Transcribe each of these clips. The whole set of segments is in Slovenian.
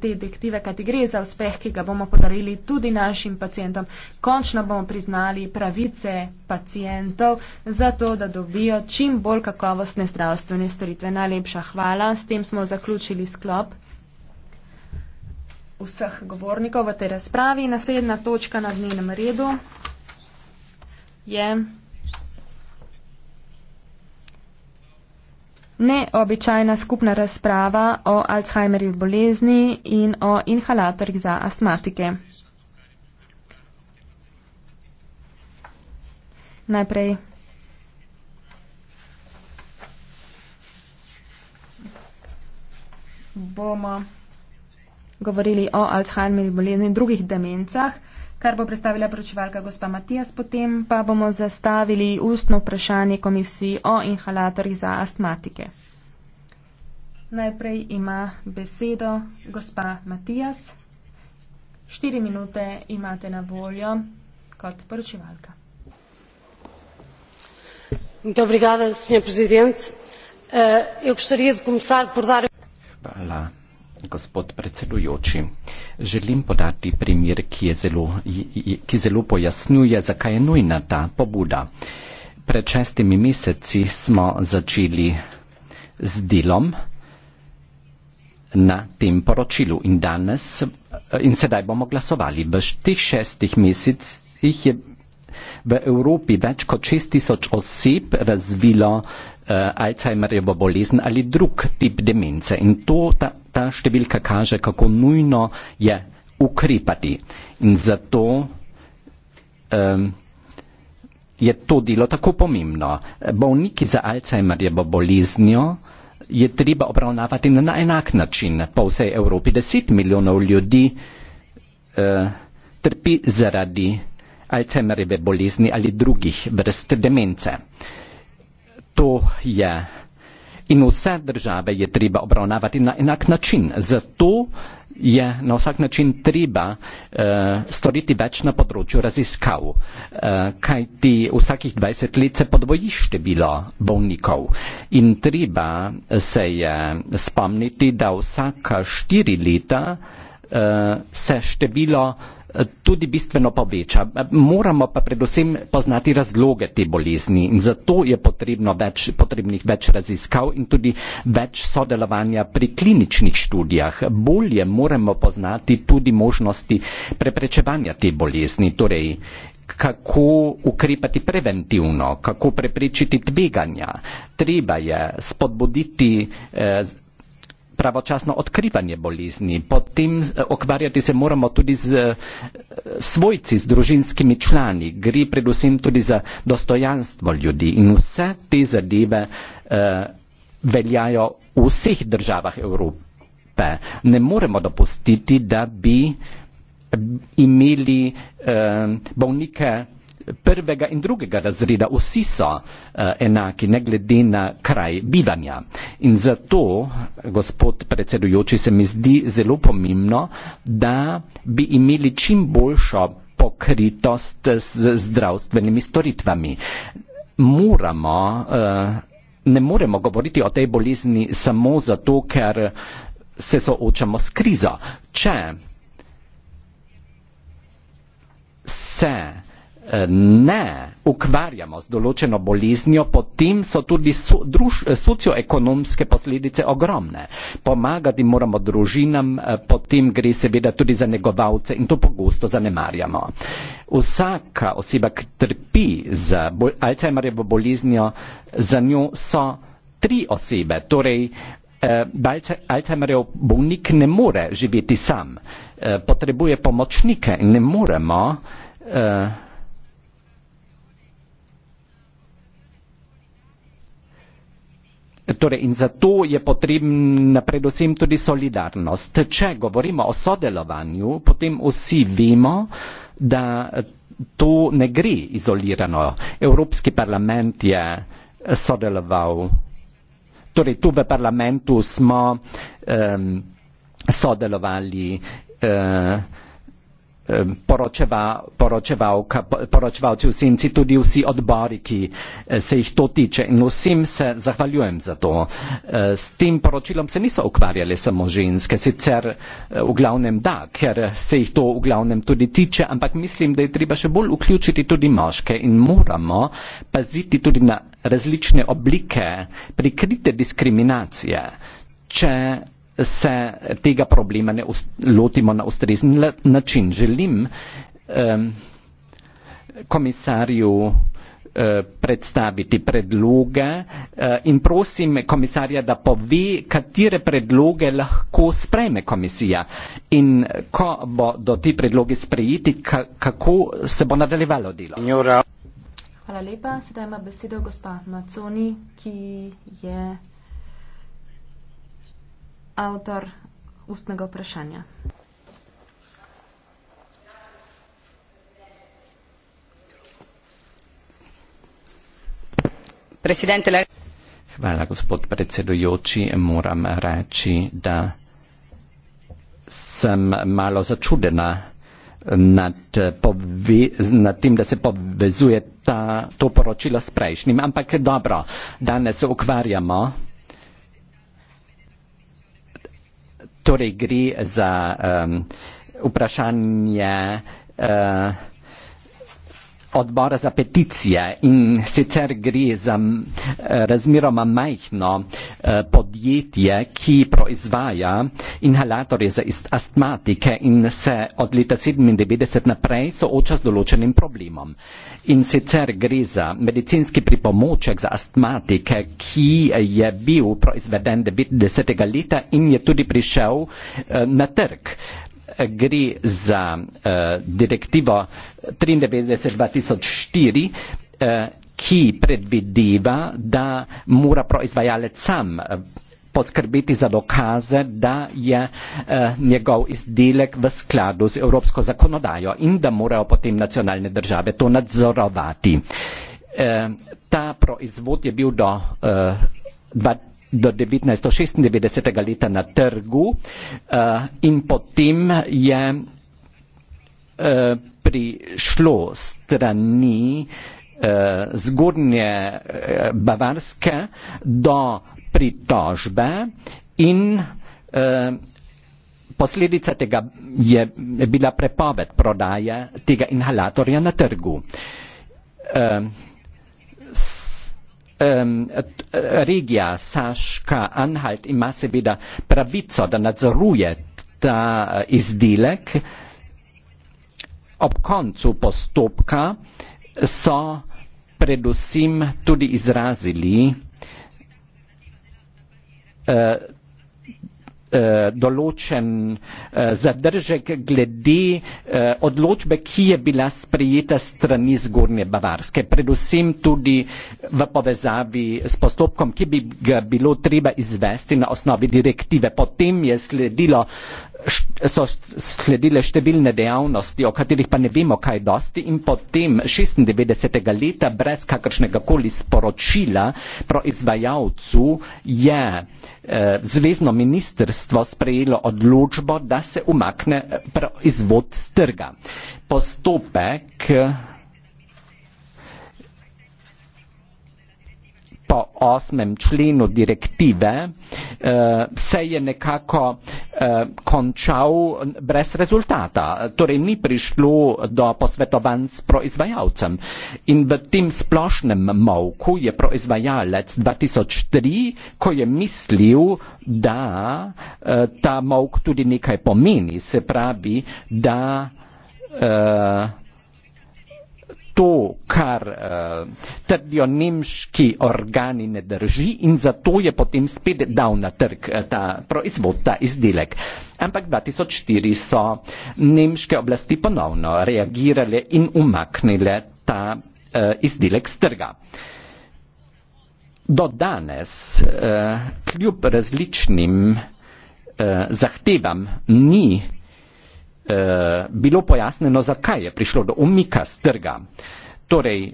detektive, kajti gre za uspeh, ki ga bomo podarili tudi našim pacijentom. Končno bomo priznali pravice pacijentov za to, da dobijo čim bolj kakovostne zdravstvene storitve. Najlepša hvala. S tem smo zaključili sklop vseh govornikov v tej razpravi. Naslednja točka na dnevnem redu je. neobičajna skupna razprava o Alzheimerjevi bolezni in o inhalatorjih za astmatike. Najprej. bomo govorili o Alzheimerjevi bolezni in drugih demencah kar bo predstavila poročevalka gospa Matijas. Potem pa bomo zastavili ustno vprašanje komisiji o inhalatorjih za astmatike. Najprej ima besedo gospa Matijas. Štiri minute imate na voljo kot poročevalka. Dobrigada, gospod predsednik. Eh, Hvala, gospod predsedujoči. Želim podati primer, ki, zelo, ki zelo pojasnjuje, zakaj je nujna ta pobuda. Pred šestimi meseci smo začeli z delom na tem poročilu in danes in sedaj bomo glasovali. V teh šestih mesecih je v Evropi več kot 6000 oseb razvilo uh, Alzheimerjevo bolezen ali drug tip demence in to ta ta številka kaže, kako nujno je ukripati. In zato um, je to delo tako pomembno. Bolniki za Alzheimerjevo boliznjo je treba obravnavati na enak način po vsej Evropi. Deset milijonov ljudi uh, trpi zaradi Alzheimerjeve bolezni ali drugih vrst demence. To je in vse države je treba obravnavati na enak način. Zato je na vsak način treba uh, storiti več na področju raziskav, uh, kajti vsakih 20 let se podvoji število bolnikov in treba se je spomniti, da vsaka štiri leta uh, se število uh, tudi bistveno poveča. Moramo pa predvsem poznati razloge te bolezni in zato je več, potrebnih več raziskav in tudi več sodelovanja pri kliničnih študijah. Bolje moramo poznati tudi možnosti preprečevanja te bolezni, torej kako ukrepati preventivno, kako preprečiti tveganja. Treba je spodbuditi eh, pravočasno odkrivanje bolezni. Potem okvarjati eh, se moramo tudi z eh, svojci, z družinskimi člani. Gre predvsem tudi za dostojanstvo ljudi in vse te zadeve eh, veljajo v vseh državah Evrope. Ne moremo dopustiti, da bi eh, imeli eh, bolnike prvega in drugega razreda, vsi so uh, enaki, ne glede na kraj bivanja. In zato, gospod predsedujoči, se mi zdi zelo pomembno, da bi imeli čim boljšo pokritost z zdravstvenimi storitvami. Moramo, uh, ne moremo govoriti o tej bolezni samo zato, ker se soočamo s krizo. Če se Eh, ne ukvarjamo z določeno boleznijo, potem so tudi eh, socioekonomske posledice ogromne. Pomagati moramo družinam, eh, potem gre seveda tudi za negovalce in to pogosto zanemarjamo. Vsaka oseba, ki trpi za Alzheimerjevo boleznijo, za njo so tri osebe. Torej, Alzheimerjev bolnik ne more živeti sam, potrebuje pomočnike in ne moremo Torej in zato je potrebna predvsem tudi solidarnost. Če govorimo o sodelovanju, potem vsi vemo, da to ne gre izolirano. Evropski parlament je sodeloval. Torej tu v parlamentu smo um, sodelovali. Uh, Ehm, poročeval, poročeval, poročeval v senci tudi vsi odbori, ki eh, se jih to tiče. In vsem se zahvaljujem za to. Eh, s tem poročilom se niso ukvarjali samo ženske, sicer eh, v glavnem da, ker se jih to v glavnem tudi tiče, ampak mislim, da je treba še bolj vključiti tudi moške in moramo paziti tudi na različne oblike prikrite diskriminacije. Če se tega problema ne lotimo na ustrezen način. Želim komisarju eh, predstaviti predloge eh, in prosim komisarja, da pove, katere predloge lahko sprejme komisija in ko bo do ti predlogi sprejeti, kako se bo nadaljevalo delo. Hvala lepa. Sedaj ima besedo gospa Maconi, ki je avtor ustnega vprašanja. Hvala, gospod predsedujoči. Moram reči, da sem malo začudena nad, nad tem, da se povezuje ta, to poročilo s prejšnjim, ampak dobro, danes se ukvarjamo torej gre za um, vprašanje uh, odbora za peticije in sicer gre za eh, razmeroma majhno eh, podjetje, ki proizvaja inhalatorje za astmatike in se od leta 1997 naprej sooča z določenim problemom. In sicer gre za medicinski pripomoček za astmatike, ki je bil proizveden 90. leta in je tudi prišel eh, na trg gre za eh, direktivo 93-2004, eh, ki predvideva, da mora proizvajalec sam eh, poskrbeti za dokaze, da je eh, njegov izdelek v skladu z evropsko zakonodajo in da morajo potem nacionalne države to nadzorovati. Eh, ta proizvod je bil do. Eh, do 1996. leta na trgu eh, in potem je eh, prišlo strani eh, zgornje Bavarske do pritožbe in posledica tega je bila prepoved prodaje tega inhalatorja na trgu ähm, regija Saška Anhalt ima seveda pravico, da nadzoruje ta eh, izdelek. Ob koncu postopka so predvsem tudi izrazili eh, Eh, določen eh, zadržek glede eh, odločbe, ki je bila sprejeta strani zgornje Bavarske, predvsem tudi v povezavi s postopkom, ki bi ga bilo treba izvesti na osnovi direktive. Potem je sledilo uh, so sledile številne dejavnosti, o katerih pa ne vemo kaj dosti in potem 96. leta brez kakršnega koli sporočila proizvajalcu je eh, Zvezno ministrstvo sprejelo odločbo, da se umakne eh, proizvod strga. Postopek eh, po osmem členu direktive eh, se je nekako eh, končal brez rezultata, torej ni prišlo do posvetovanj s proizvajalcem. In v tem splošnem mavku je proizvajalec 2003, ko je mislil, da eh, ta mavk tudi nekaj pomeni, se pravi, da eh, to, kar uh, trdijo nemški organi, ne drži in zato je potem spet dal na trg uh, ta proizvod, ta izdelek. Ampak 2004 so nemške oblasti ponovno reagirale in umaknile ta uh, izdelek z trga. Do danes, uh, kljub različnim uh, zahtevam, ni Eh, bilo pojasneno, zakaj je prišlo do umika z trga. Torej,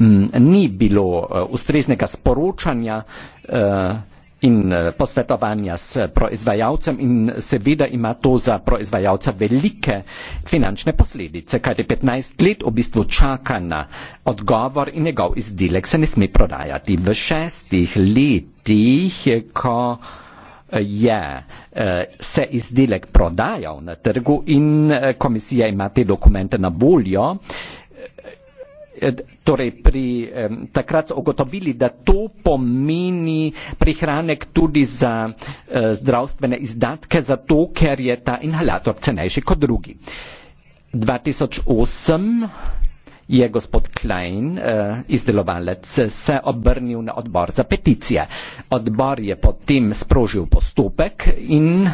mm, ni bilo eh, ustreznega sporočanja eh, in posvetovanja s proizvajalcem in seveda ima to za proizvajalca velike finančne posledice, kajti 15 let v bistvu čaka na odgovor in njegov izdelek se ne sme prodajati. V šestih letih, ko je eh, se izdelek prodajal na trgu in eh, komisija ima te dokumente na voljo. Eh, torej, pri, eh, takrat so ugotovili, da to pomeni prihranek tudi za eh, zdravstvene izdatke, zato ker je ta inhalator cenejši kot drugi. 2008 je gospod Klein uh, izdelovalec se obrnil na odbor za peticije. Odbor je potem sprožil postopek in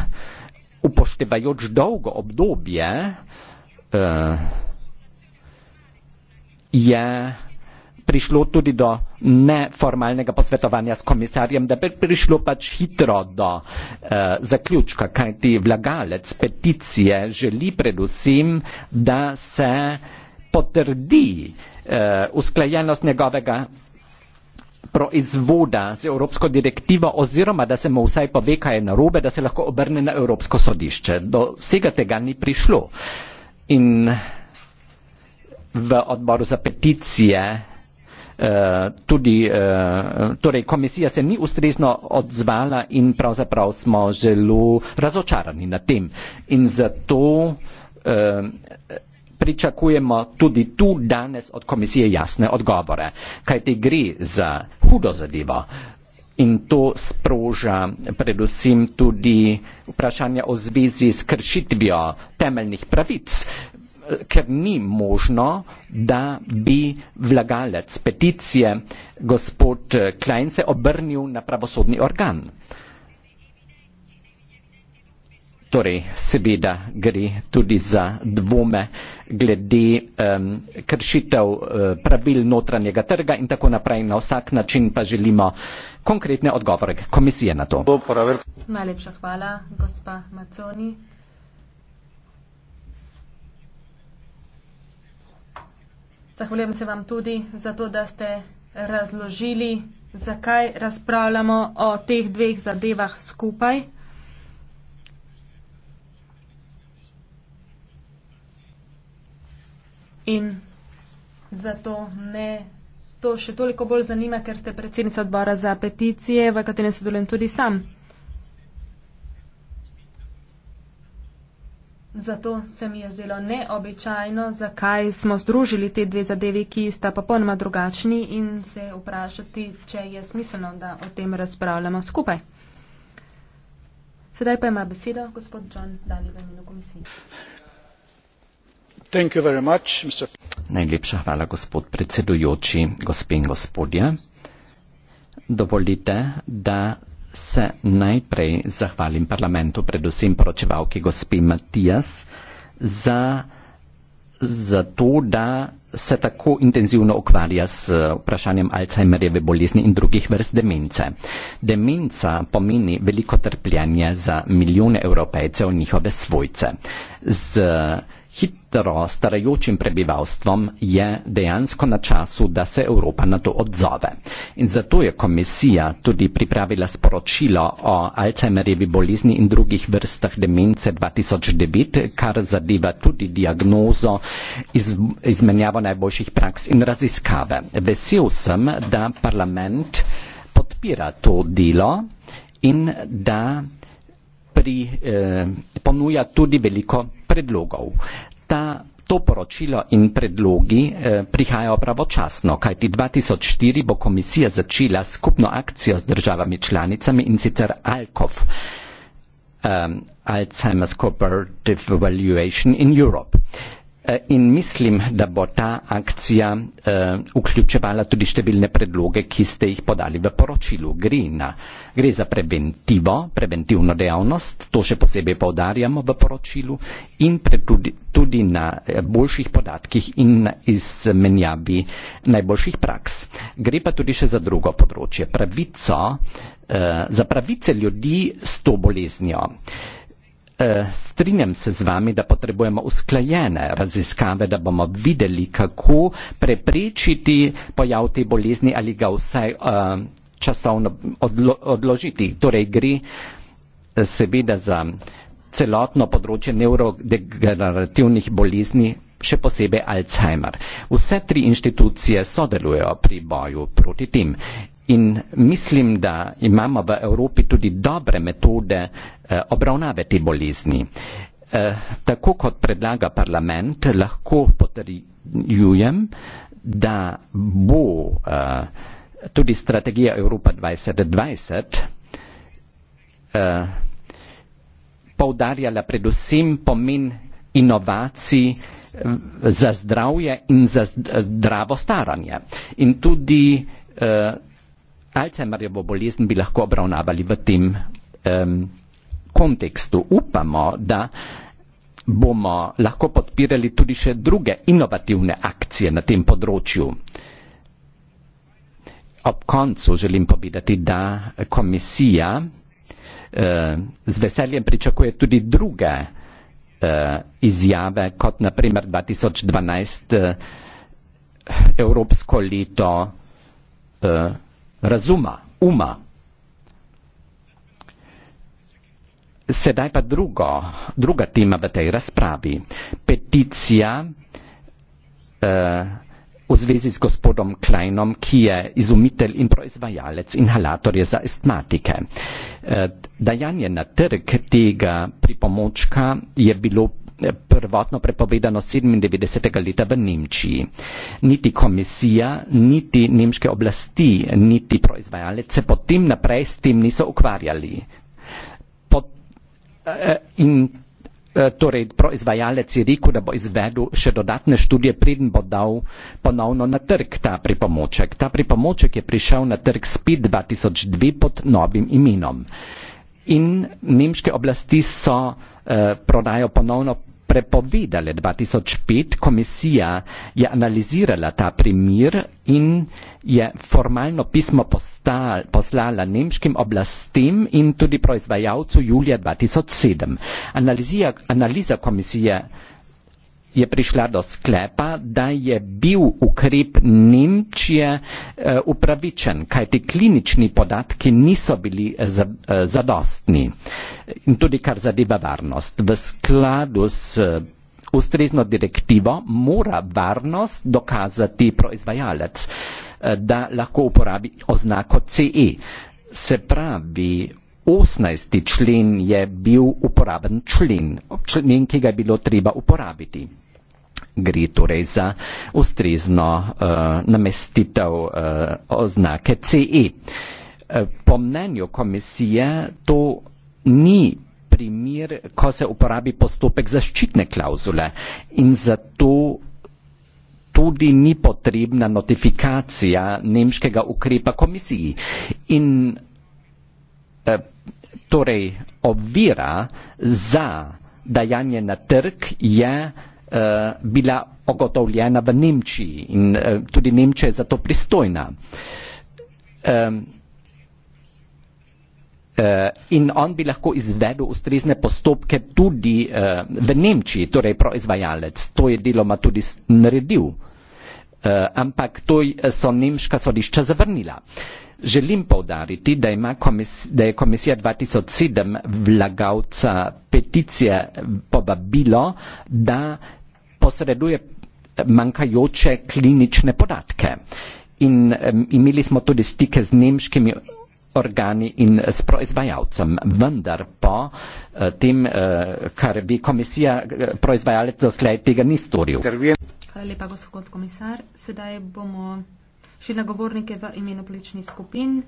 upoštevajoč dolgo obdobje uh, je prišlo tudi do neformalnega posvetovanja s komisarjem, da bi prišlo pač hitro do eh, zaključka, kajti vlagalec peticije želi predvsem, da se eh, potrdi eh, usklajenost njegovega proizvoda z Evropsko direktivo oziroma, da se mu vsaj pove, kaj je narobe, da se lahko obrne na Evropsko sodišče. Do vsega tega ni prišlo. In v odboru za peticije eh, tudi, eh, torej komisija se ni ustrezno odzvala in pravzaprav smo zelo razočarani na tem. In zato eh, pričakujemo tudi tu danes od komisije jasne odgovore, kaj ti gre za hudo zadevo. In to sproža predvsem tudi vprašanje o zvezi s kršitvijo temeljnih pravic, ker ni možno, da bi vlagalec peticije gospod Klein se obrnil na pravosodni organ. Torej, seveda gre tudi za dvome glede um, kršitev um, pravil notranjega trga in tako naprej. Na vsak način pa želimo konkretne odgovore komisije na to. Najlepša hvala, gospa Maconi. Zahvaljujem se vam tudi za to, da ste razložili, zakaj razpravljamo o teh dveh zadevah skupaj. In zato me to še toliko bolj zanima, ker ste predsednica odbora za peticije, v katerem sodelujem tudi sam. Zato se mi je zdelo neobičajno, zakaj smo združili te dve zadevi, ki sta popolnoma drugačni in se vprašati, če je smiselno, da o tem razpravljamo skupaj. Sedaj pa ima besedo gospod John Daly v imenu komisije. Najlepša hvala, gospod predsedujoči, gospe in gospodje. Dovolite, da se najprej zahvalim parlamentu, predvsem poročevalki gospe Matijas, za, za to, da se tako intenzivno ukvarja s vprašanjem Alzheimerjeve bolezni in drugih vrst demence. Demenca pomeni veliko trpljenje za milijone evropejcev in njihove svojce. Z hitro starajočim prebivalstvom je dejansko na času, da se Evropa na to odzove. In zato je komisija tudi pripravila sporočilo o Alzheimerjevi bolizni in drugih vrstah demence 2009, kar zadeva tudi diagnozo, iz, izmenjavo najboljših praks in raziskave. Vesel sem, da parlament podpira to delo in da pri, eh, ponuja tudi veliko predlogov. Eh, ta, to poročilo in predlogi eh, prihajajo pravočasno, kajti 2004 bo komisija začela skupno akcijo z državami članicami in sicer ALKOV. Um, Alzheimer's Cooperative Evaluation in Europe. Uh, E, in mislim, da bo ta akcija uh, vključevala tudi številne predloge, ki ste jih podali v poročilu. Grina. Gre za preventivo, preventivno dejavnost, to še posebej povdarjamo v poročilu in tudi, tudi na e, boljših podatkih in na izmenjavi najboljših praks. Gre pa tudi še za drugo področje, pravico, uh, za pravice ljudi s to boleznjo. Uh, Eh, strinjam se z vami, da potrebujemo usklajene raziskave, da bomo videli, kako preprečiti pojav te bolezni ali ga vsaj eh, časovno odlo odložiti. Torej gre eh, seveda za celotno področje neurodegenerativnih bolezni, še posebej Alzheimer. Vse tri inštitucije sodelujejo pri boju proti tem. In mislim, da imamo v Evropi tudi dobre metode eh, obravnave te bolezni. Eh, tako kot predlaga parlament, lahko potrjujem, da bo eh, tudi strategija Evropa 2020 poudarjala predvsem pomen inovacij za zdravje in za zdravo staranje. In tudi eh, Alzheimerjevo bolezen bi lahko obravnavali v tem eh, kontekstu. Upamo, da bomo lahko podpirali tudi še druge inovativne akcije na tem področju. Ob koncu želim povedati, da komisija eh, z veseljem pričakuje tudi druge Eh, izjave, kot naprimer 2012 eh, Evropsko leto eh, razuma, uma. Sedaj pa drugo, druga tema v tej razpravi. Peticija v zvezi z gospodom Kleinom, ki je izumitelj in proizvajalec inhalatorja za astmatike. Eh, dajanje na trg tega pripomočka je bilo eh, prvotno prepovedano 97. leta v Nemčiji. Niti komisija, niti nemške oblasti, niti proizvajalec se potem naprej s tem niso ukvarjali. Pot, eh, in Eh, torej proizvajalec je rekel, da bo izvedel še dodatne študije, preden bo dal ponovno na trg ta pripomoček. Ta pripomoček je prišel na trg spet 2002 pod novim imenom. In nemške oblasti so eh, prodajo ponovno prepovedale 2005, komisija je analizirala ta primir in je formalno pismo postal, poslala nemškim oblastem in tudi proizvajalcu julija 2007. Analizija, analiza komisije je prišla do sklepa, da je bil ukrep Nemčije eh, upravičen, kaj ti klinični podatki niso bili eh, eh, zadostni. In tudi kar zadeva varnost. V skladu s ustrezno direktivo mora varnost dokazati proizvajalec, da lahko uporabi oznako CE. Se pravi, 18. člen je bil uporaben člen, člen, ki ga je bilo treba uporabiti gre torej za ustrezno uh, namestitev uh, oznake CE. Uh, eh, po mnenju komisije to ni primer, ko se uporabi postopek zaščitne klauzule in zato tudi ni potrebna notifikacija nemškega ukrepa komisiji. In eh, torej ovira za dajanje na trg je eh, uh, bila ogotovljena v Nemčiji in uh, tudi Nemčija je za to pristojna. Um, Uh, in on bi lahko izvedel ustrezne postopke tudi uh, v Nemčiji, torej proizvajalec. To je deloma tudi naredil. Uh, ampak to so nemška sodišča zavrnila. Želim povdariti, da, ima komis da je komisija 2007 vlagavca peticije povabilo, da uh, posreduje manjkajoče klinične podatke. In um, imeli smo tudi stike z nemškimi organi in s proizvajalcem, vendar po uh, eh, tem, uh, kar bi komisija, eh, proizvajalec doslej tega ni storil. Hvala lepa, gospod komisar. Sedaj bomo šli na govornike v imenu plečnih skupin.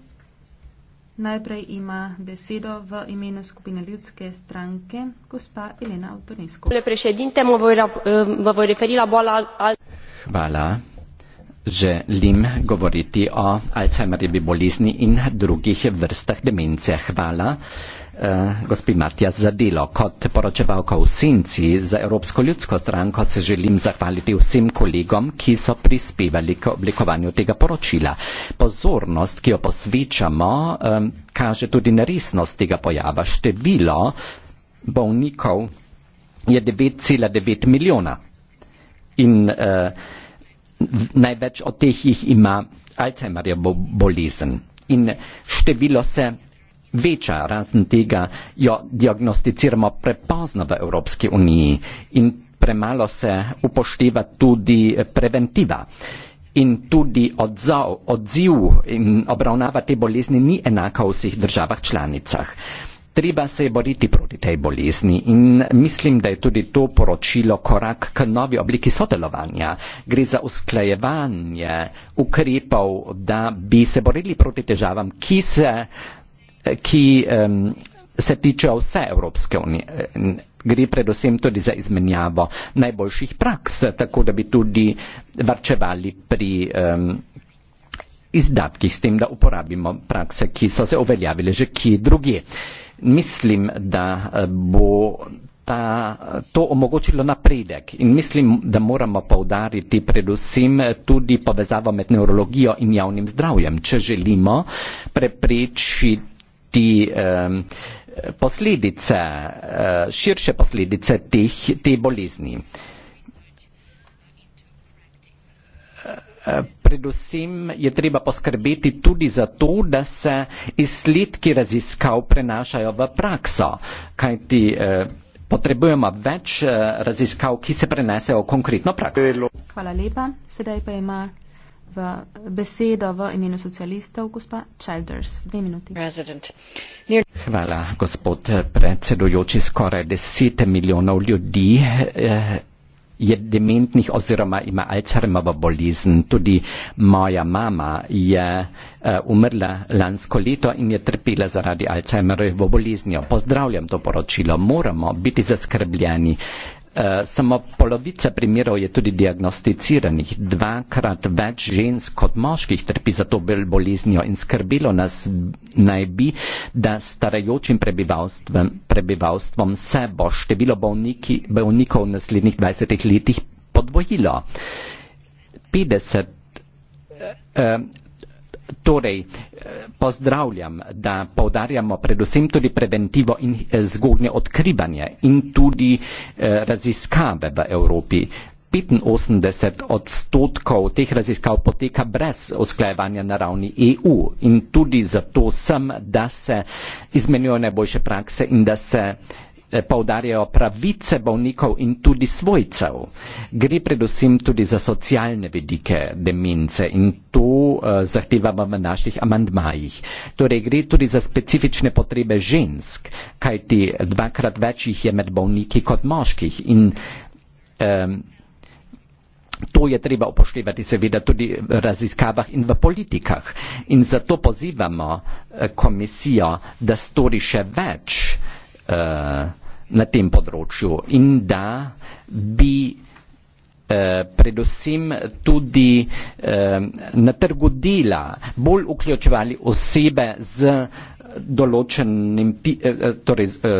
Najprej ima besedo v imenu skupine ljudske stranke gospa Elena Avtonisko. Eh, Hvala. Želim govoriti o Alzheimerjevi bolizni in drugih vrstah demence. Hvala. Eh, gospod Matjas Zadilo. Kot poročevalka v Sinci za Evropsko ljudsko stranko se želim zahvaliti vsem kolegom, ki so prispevali k oblikovanju tega poročila. Pozornost, ki jo posvečamo, kaže tudi na resnost tega pojava. Število bolnikov je 9,9 milijona in eh, največ od teh jih ima Alzheimerjev bolezen. In število se večja, razen tega jo diagnosticiramo prepozno v Evropski uniji in premalo se upošteva tudi preventiva. In tudi odzov, odziv in obravnava te bolezni ni enaka v vseh državah članicah. Treba se je boriti proti tej bolezni in mislim, da je tudi to poročilo korak k novi obliki sodelovanja. Gre za usklajevanje ukrepov, da bi se borili proti težavam, ki se uh, ki um, se tiče vse Evropske unije. Gre predvsem tudi za izmenjavo najboljših praks, tako da bi tudi varčevali pri um, izdatkih s tem, da uporabimo prakse, ki so se uveljavile že kje drugi. Mislim, da eh, bo ta, to omogočilo napredek in mislim, da moramo povdariti predvsem tudi povezavo med neurologijo in javnim zdravjem, če želimo preprečiti die ähm, Posledice, äh, širše posledice teh, te bolezni. Eh, predvsem je treba poskrbeti tudi za to, da se izsledki raziskav prenašajo v prakso, kajti eh, potrebujemo več eh, raziskav, ki se prenesejo v konkretno prakso. Hvala lepa. Sedaj pa ima v besedo v imenu socialistov, gospa Childers. Dve minuti. Hvala, gospod predsedujoči. Skoraj deset milijonov ljudi eh, je dementnih oziroma ima Alzheimerova bolezen. Tudi moja mama je eh, umrla lansko leto in je trpela zaradi Alzheimerove boleznijo. Pozdravljam to poročilo. Moramo biti zaskrbljeni. Eh, samo polovica primerov je tudi diagnosticiranih, dvakrat več žensk kot moških trpi za to boleznijo in skrbilo nas naj bi, da starajočim prebivalstvom, prebivalstvom se bo število bolniki, bolnikov v naslednjih 20 letih podvojilo. 50 eh, Torej, eh, pozdravljam, da povdarjamo predvsem tudi preventivo in eh, zgodnje odkrivanje in tudi eh, raziskave v Evropi. 85 odstotkov teh raziskav poteka brez usklajevanja na ravni EU in tudi zato sem, da se izmenjujejo najboljše prakse in da se uh, Eh, poudarjajo pravice bolnikov in tudi svojcev. Gre predvsem tudi za socialne vidike demence in to uh, zahtevamo v naših amandmajih. Torej gre tudi za specifične potrebe žensk, kajti dvakrat več jih je med bolniki kot moških in um, To je treba upoštevati seveda tudi v raziskavah in v politikah. In zato pozivamo eh, komisijo, da stori še več. Eh, na tem področju in da bi eh, predvsem tudi eh, na trgu dela bolj vključevali osebe z določenim, torej z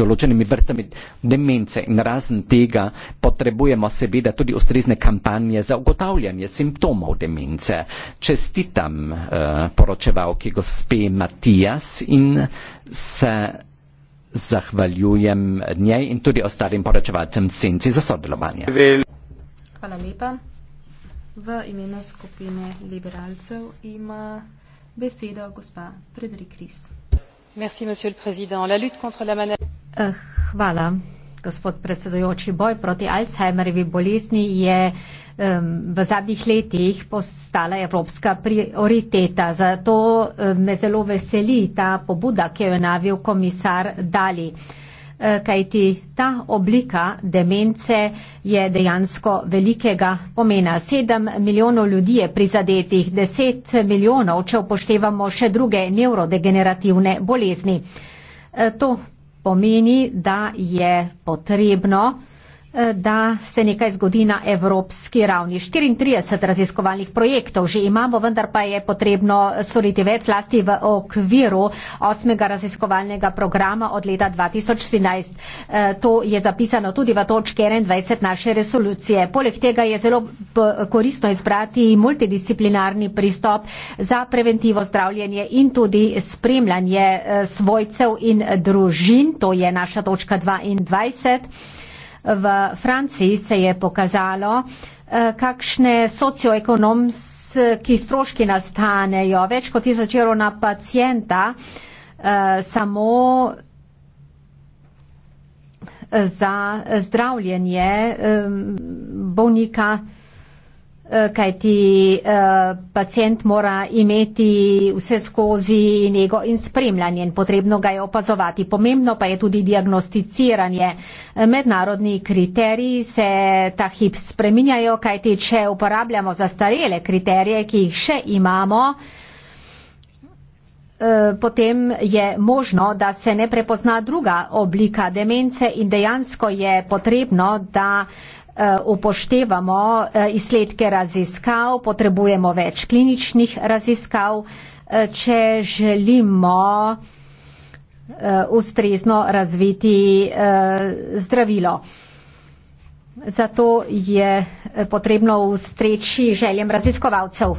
določenimi vrstami demence in razen tega potrebujemo seveda tudi ustrezne kampanje za ugotavljanje simptomov demence. Čestitam poročevalki gospe Matijas in se zahvaljujem njej in tudi ostalim poročevalcem Senci za sodelovanje. Hvala lepa. V imenu skupine liberalcev ima besedo gospa Frederik Ris. Merci, monsieur le président. La lutte contre la maladie. Uh, hvala gospod predsedujoči, boj proti Alzheimerjevi bolezni je um, v zadnjih letih postala evropska prioriteta. Zato um, me zelo veseli ta pobuda, ki jo je navil komisar Dali. E, kajti ta oblika demence je dejansko velikega pomena. Sedem milijonov ljudi je prizadetih, deset milijonov, če upoštevamo še druge nevrodegenerativne bolezni. E, to pomeni, da je potrebno Eh, da se nekaj zgodi na evropski ravni. 34 raziskovalnih projektov že imamo, vendar pa je potrebno storiti več zlasti v okviru 8. raziskovalnega programa od leta 2013. Eh, to je zapisano tudi v točki 21 naše resolucije. Poleg tega je zelo koristno izbrati multidisciplinarni pristop za preventivo zdravljenje in tudi spremljanje eh, svojcev in družin. To je naša točka 22 v Franciji se je pokazalo, eh, kakšne socioekonomski stroški nastanejo. Več kot tisoč evrov na pacijenta eh, samo eh, za zdravljenje bolnika. Eh, kaj ti eh, pacijent mora imeti vse skozi njego in spremljanje in potrebno ga je opazovati. Pomembno pa je tudi diagnosticiranje. Eh, mednarodni kriteriji se ta hip spreminjajo, kaj ti, če uporabljamo zastarele kriterije, ki jih še imamo, potem je možno, da se ne prepozna druga oblika demence in dejansko je potrebno, da uh, Eh, upoštevamo eh, izsledke raziskav, potrebujemo več kliničnih raziskav, eh, če želimo ustrezno razviti zdravilo. Zato je potrebno ustreči željem raziskovalcev.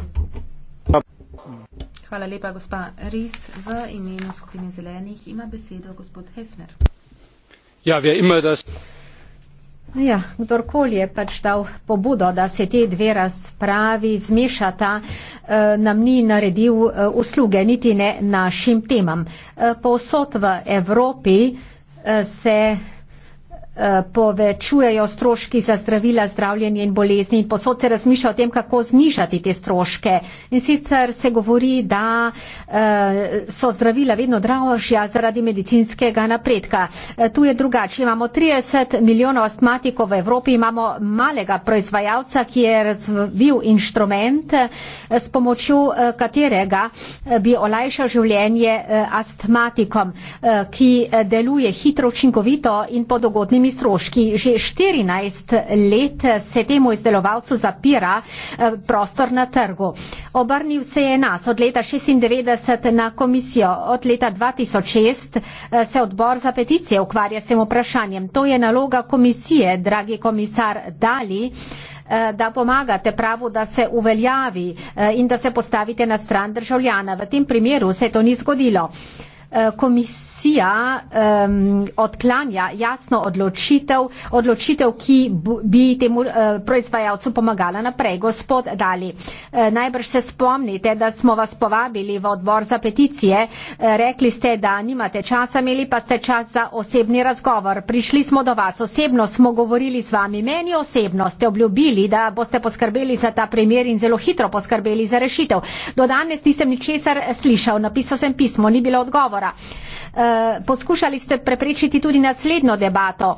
Hvala lepa, gospa Ries. V imenu skupine zelenih ima besedo gospod Hefner. Ja, Ja, kdorkoli je pač dal pobudo, da se te dve razpravi zmešata, eh, nam ni naredil eh, usluge, niti ne našim temam. Eh, Posod v Evropi se povečujejo stroški za zdravila, zdravljenje in bolezni in posod se razmišlja o tem, kako znižati te stroške. In sicer se govori, da eh, so zdravila vedno dražja zaradi medicinskega napredka. Eh, tu je drugače. Imamo 30 milijonov astmatikov v Evropi, imamo malega proizvajalca, ki je razvil inštrument, eh, s pomočjo katerega bi olajšal življenje astmatikom, ki deluje hitro, učinkovito in pod ugodnimi velikimi stroški. Že 14 let se temu izdelovalcu zapira eh, prostor na trgu. Obrnil se je nas od leta 96 na komisijo. Od leta 2006 eh, se odbor za peticije ukvarja s tem vprašanjem. To je naloga komisije, dragi komisar Dali eh, da pomagate pravu, da se uveljavi in da se postavite na stran državljana. V tem primeru se to ni zgodilo. Eh, komisija um, odklanja jasno odločitev, odločitev, ki bi temu uh, proizvajalcu pomagala naprej. Gospod Dali, uh, najbrž se spomnite, da smo vas povabili v odbor za peticije. Uh, rekli ste, da nimate časa, imeli pa ste čas za osebni razgovor. Prišli smo do vas, osebno smo govorili z vami. Meni osebno ste obljubili, da boste poskrbeli za ta primer in zelo hitro poskrbeli za rešitev. Do danes nisem ničesar slišal, napisal sem pismo, ni bilo odgovora odbora. Eh, poskušali ste prepričiti tudi naslednjo debato.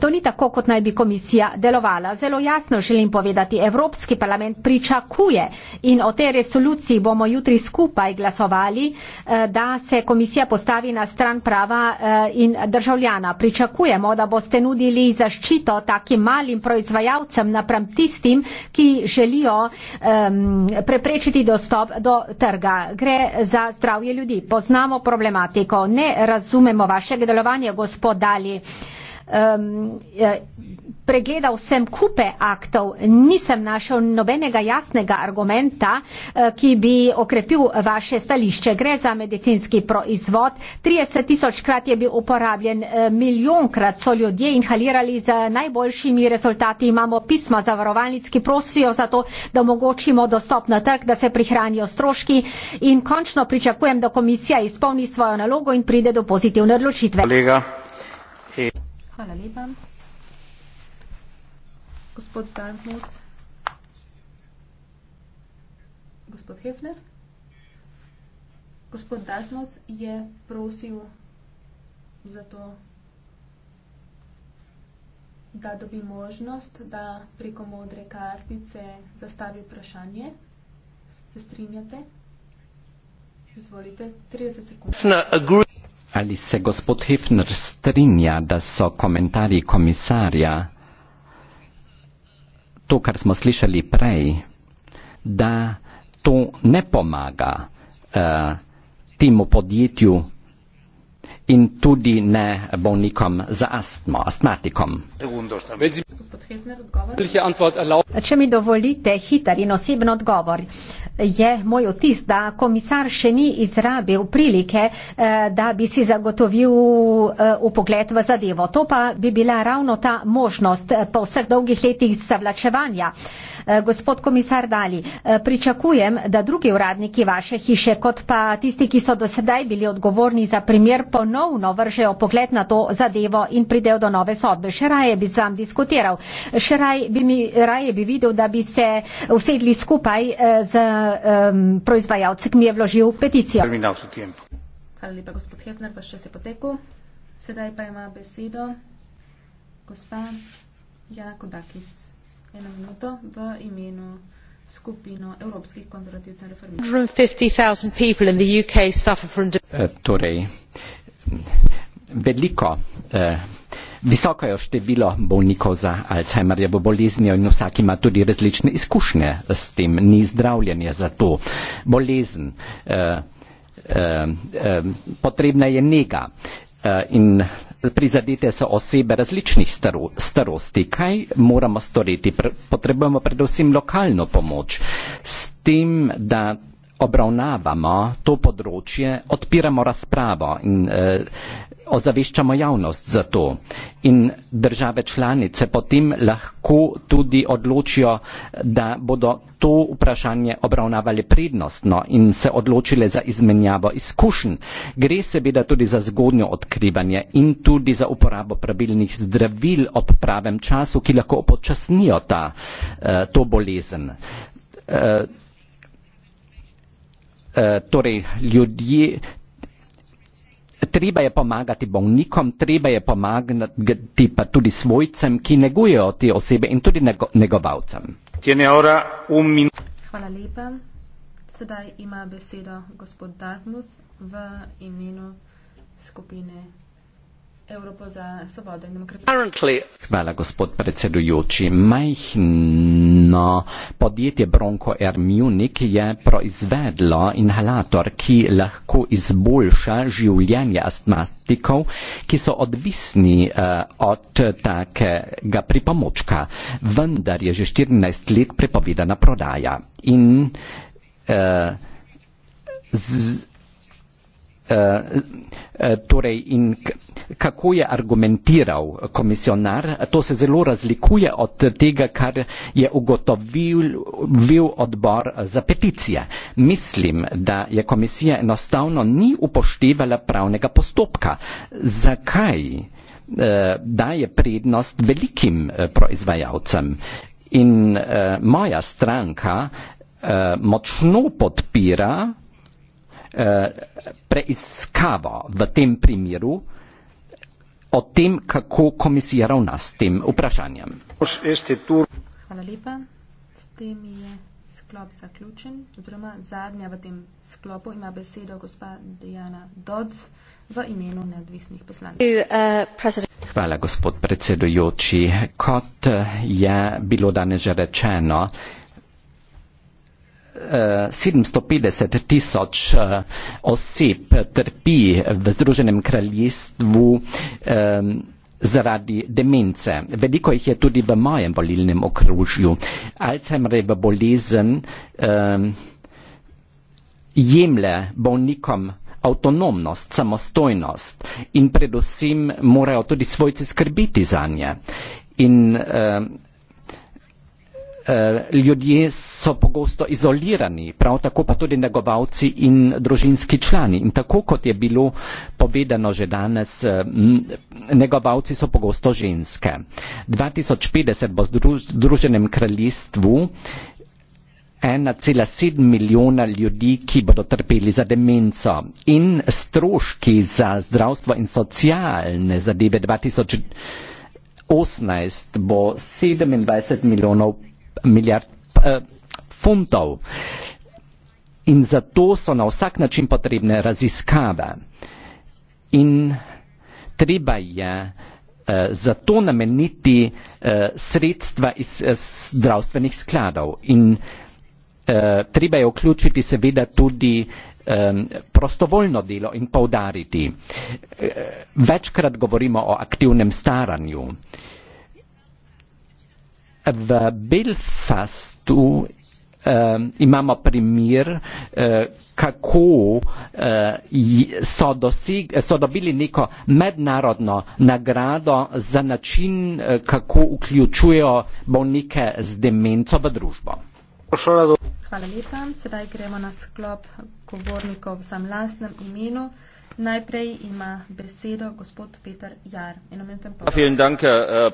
To ni tako, kot naj bi komisija delovala. Zelo jasno želim povedati, Evropski parlament pričakuje in o tej resoluciji bomo jutri skupaj glasovali, eh, da se komisija postavi na stran prava eh, in državljana. Pričakujemo, da boste nudili zaščito takim malim proizvajalcem napram tistim, ki želijo um, preprečiti dostop do trga. Gre za zdravje ljudi. Poznamo problematiko. Ne razumemo vašega delovanja, gospod Dali um, pregledal sem kupe aktov, nisem našel nobenega jasnega argumenta, eh, ki bi okrepil vaše stališče. Gre za medicinski proizvod. 30 tisoč krat je bil uporabljen, eh, milijonkrat so ljudje inhalirali z najboljšimi rezultati. Imamo pisma zavarovalnic, ki prosijo za to, da omogočimo dostop na trg, da se prihranijo stroški in končno pričakujem, da komisija izpolni svojo nalogo in pride do pozitivne odločitve. Kolega. Hvala lepa. Gospod Darmut. Gospod Hefner. Gospod Dartmouth je prosil za to, da dobi možnost, da preko modre kartice zastavi vprašanje. Se strinjate? Izvolite, 30 sekund. Ali se gospod Hefner strinja, da so komentarji komisarja to, kar smo slišali prej, da to ne pomaga uh, temu podjetju in tudi ne bolnikom za astmo, astmatikom. Če mi dovolite hiter in osebn odgovor, je moj otis, da komisar še ni izrabil prilike, eh, da bi si zagotovil upogled eh, v zadevo. To pa bi bila ravno ta možnost eh, po vseh dolgih letih zavlačevanja. Gospod komisar Dali, pričakujem, da drugi uradniki vaše hiše, kot pa tisti, ki so do sedaj bili odgovorni za primer ponovno, ponovno vržejo pogled na to zadevo in pridejo do nove sodbe. Še raje bi sam diskutiral, še raje bi, mi, raje bi videl, da bi se usedli skupaj eh, z um, proizvajalci, ki mi je vložil peticijo. Hvala lepa, gospod Hefner, pa še se poteku. Sedaj pa ima besedo gospa Janko Dakis. Eno minuto v imenu skupino evropskih konzervativcev in reformistov veliko, eh, visoko je število bolnikov za Alzheimerjevo boleznijo in vsak ima tudi različne izkušnje s tem, ni zdravljenje za to bolezen. Eh, eh, eh, potrebna je njega eh, in prizadete so osebe različnih staro, starosti. Kaj moramo storiti? Pre, potrebujemo predvsem lokalno pomoč s tem, da obravnavamo to področje, odpiramo razpravo in eh, ozaveščamo javnost za to. In države članice potem lahko tudi odločijo, da bodo to vprašanje obravnavali prednostno in se odločile za izmenjavo izkušenj. Gre seveda tudi za zgodnjo odkrivanje in tudi za uporabo pravilnih zdravil ob pravem času, ki lahko upočasnijo ta, eh, to bolezen. Eh, Eh, torej ljudje, treba je pomagati bolnikom, treba je pomagati pa tudi svojcem, ki negujejo te osebe in tudi negovalcem. Hvala lepa. Sedaj ima besedo gospod Dartmouth v imenu skupine. Evropo za svobodo in demokracijo. Hvala, gospod predsedujoči. Majhn No, podjetje Bronco Air Munich je proizvedlo inhalator, ki lahko izboljša življenje astmatikov, ki so odvisni eh, od takega pripomočka. Vendar je že 14 let prepovedana prodaja. In, eh, z, Eh, eh, torej in kako je argumentiral komisionar, to se zelo razlikuje od tega, kar je ugotovil odbor za peticije. Mislim, da je komisija enostavno ni upoštevala pravnega postopka. Zakaj eh, daje prednost velikim proizvajalcem? In moja stranka močno podpira preiskavo v tem primeru o tem, kako komisija ravna s tem vprašanjem. Hvala lepa. S tem je sklop zaključen, oziroma zadnja v tem sklopu ima besedo gospa Dejana Dodz v imenu neodvisnih poslancev. Uh, Hvala, gospod predsedujoči. Kot je bilo danes že rečeno, 750 tisoč eh, oseb trpi v Združenem kraljestvu eh, zaradi demence. Veliko jih je tudi v mojem volilnem okrožju. Alzheimerjeva bolezen eh, jemlje bolnikom avtonomnost, samostojnost in predvsem morajo tudi svojci skrbiti za nje. In, uh, Eh, ljudje so pogosto izolirani, prav tako pa tudi negovalci in družinski člani. In tako kot je bilo povedano že danes, eh, negovalci so pogosto ženske. 2050 bo v Združenem kraljestvu 1,7 milijona ljudi, ki bodo trpeli za demenco in stroški za zdravstvo in socialne zadeve 2018 bo 27 milijonov milijard eh, funtov. In zato so na vsak način potrebne raziskave. In treba je eh, zato nameniti eh, sredstva iz, iz eh, zdravstvenih skladov. In eh, treba je vključiti seveda tudi eh, prostovoljno delo in povdariti. Eh, večkrat govorimo o aktivnem staranju. Eh, v Belfastu eh, imamo primer, eh, kako eh, so, dosig, so dobili neko mednarodno nagrado za način, eh, kako vključujejo bolnike z demenco v družbo. Hvala lepa. Sedaj gremo na sklop govornikov v samem lastnem imenu. Najprej ima besedo gospod Peter Jar. Ja,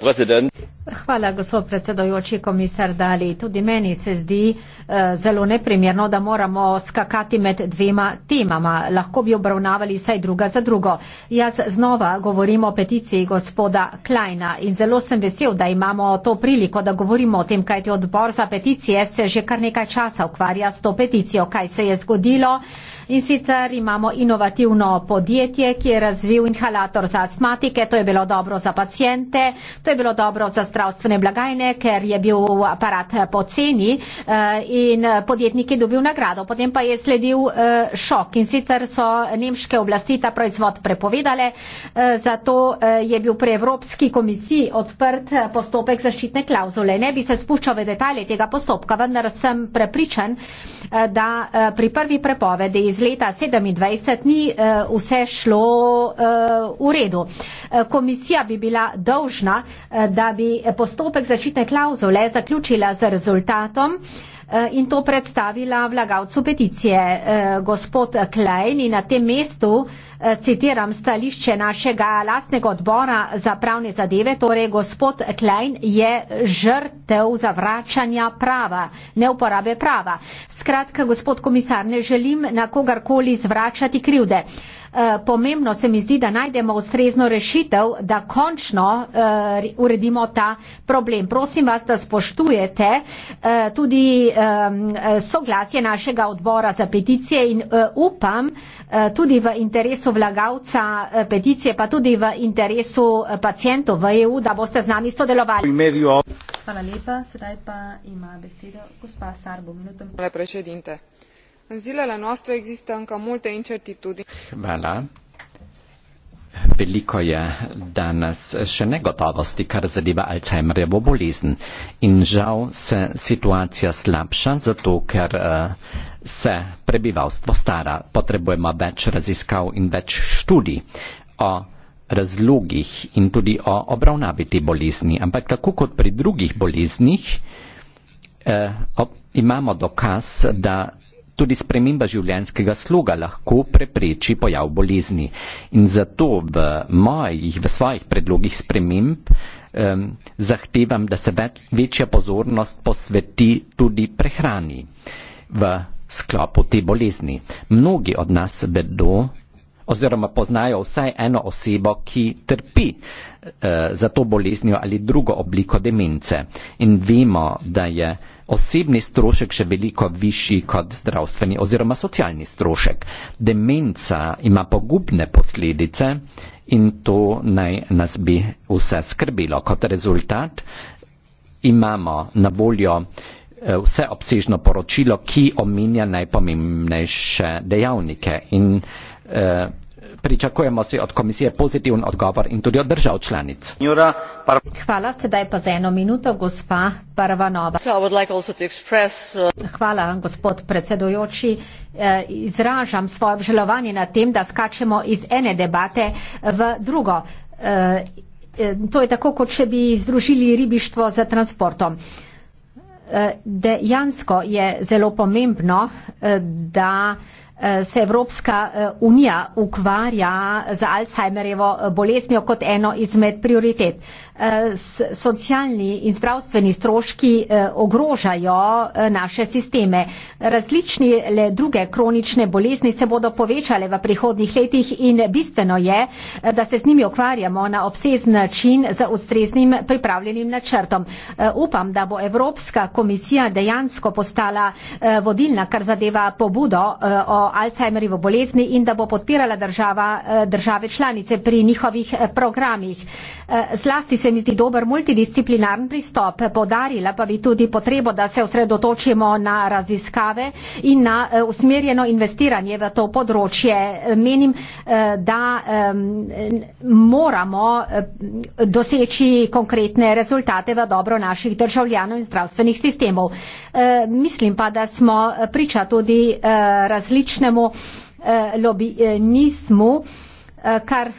Hvala, gospod predsedojoči komisar Dali. Tudi meni se zdi uh, zelo neprimerno, da moramo skakati med dvema temama. Lahko bi obravnavali vsaj druga za drugo. Jaz znova govorim o peticiji gospoda Kleina in zelo sem vesel, da imamo to priliko, da govorimo o tem, kaj ti odbor za peticije se že kar nekaj časa ukvarja s to peticijo, kaj se je zgodilo. Uh, In sicer imamo inovativno podjetje, ki je razvil inhalator za astmatike, to je bilo dobro za pacijente, to je bilo dobro za zdravstvene blagajne, ker je bil aparat eh, poceni eh, in podjetnik je dobil nagrado. Potem pa je sledil eh, šok in sicer so nemške oblasti ta proizvod prepovedale, zato je bil pri Evropski komisiji odprt postopek zaščitne klauzule. Ne bi se spuščal v detalje tega postopka, vendar sem prepričan, da pri prvi prepovedi iz leta 27 ni eh, vse šlo eh, v redu. Eh, komisija bi bila dolžna, da bi postopek začitne klauzule zaključila z rezultatom in to predstavila vlagavcu peticije. Gospod Klein in na tem mestu Eh, citiram stališče našega lastnega odbora za pravne zadeve, torej gospod Klein je žrtev zavračanja prava, ne uporabe prava. Skratka, gospod komisar, ne želim na kogarkoli zvračati krivde. Eh, pomembno se mi zdi, da najdemo ustrezno rešitev, da končno uh, uredimo ta problem. Prosim vas, da spoštujete uh, tudi um, soglasje našega odbora za peticije in uh, upam, uh, Eh, tudi v interesu vlagavca eh, peticije, pa tudi v interesu eh, pacijentov v EU, da boste z nami sodelovali. Hvala lepa, sedaj pa ima besedo gospa Sarbo. Hvala, predsednik. In zilele nostre existe anka multe incertitudine. Hvala. Veliko je danes še negotovosti, kar zadeva Alzheimerjevo bolezen. In žal se situacija slabša, zato ker uh, se prebivalstvo stara, potrebujemo več raziskav in več študij o razlogih in tudi o obravnavi te bolezni. Ampak tako kot pri drugih boleznih, eh, ob, imamo dokaz, da tudi sprememba življenjskega sloga lahko prepreči pojav bolezni. In zato v, mojih, v svojih predlogih sprememb eh, zahtevam, da se več, večja pozornost posveti tudi prehrani. V sklopu te bolezni. Mnogi od nas vedo oziroma poznajo vsaj eno osebo, ki trpi eh, za to boleznijo ali drugo obliko demence. In vemo, da je osebni strošek še veliko višji kot zdravstveni oziroma socialni strošek. Demenca ima pogubne posledice in to naj nas bi vse skrbilo. Kot rezultat imamo na voljo eh, Eh, vseobsežno poročilo, ki omenja najpomembnejše dejavnike. In eh, pričakujemo si od komisije pozitiven odgovor in tudi od držav članic. Hvala, sedaj pa za eno minuto, gospa Parvanova. So like express, uh... Hvala, gospod predsedojoči. Eh, izražam svoje obžalovanje nad tem, da skačemo iz ene debate v drugo. Eh, eh to je tako, kot če bi združili ribištvo za transportom. Eh, Eh, dejansko je zelo pomembno, eh, da Eh, se Evropska eh, unija ukvarja z Alzheimerjevo eh, boleznjo kot eno izmed prioritet. Socialni in zdravstveni stroški ogrožajo naše sisteme. Različni le druge kronične bolezni se bodo povečale v prihodnih letih in bistveno je, da se z njimi ukvarjamo na obsezen način z ustreznim pripravljenim načrtom. Upam, da bo Evropska komisija dejansko postala vodilna, kar zadeva pobudo o Alzheimerjevo bolezni in da bo podpirala država, eh, države članice pri njihovih eh, programih. Eh, zlasti se mi zdi dober multidisciplinarni pristop, podarila pa bi tudi potrebo, da se osredotočimo na raziskave in na usmerjeno investiranje v to področje. Menim, da moramo doseči konkretne rezultate v dobro naših državljanov in zdravstvenih sistemov. Mislim pa, da smo priča tudi različnih političnemu eh, lobinizmu, eh, kar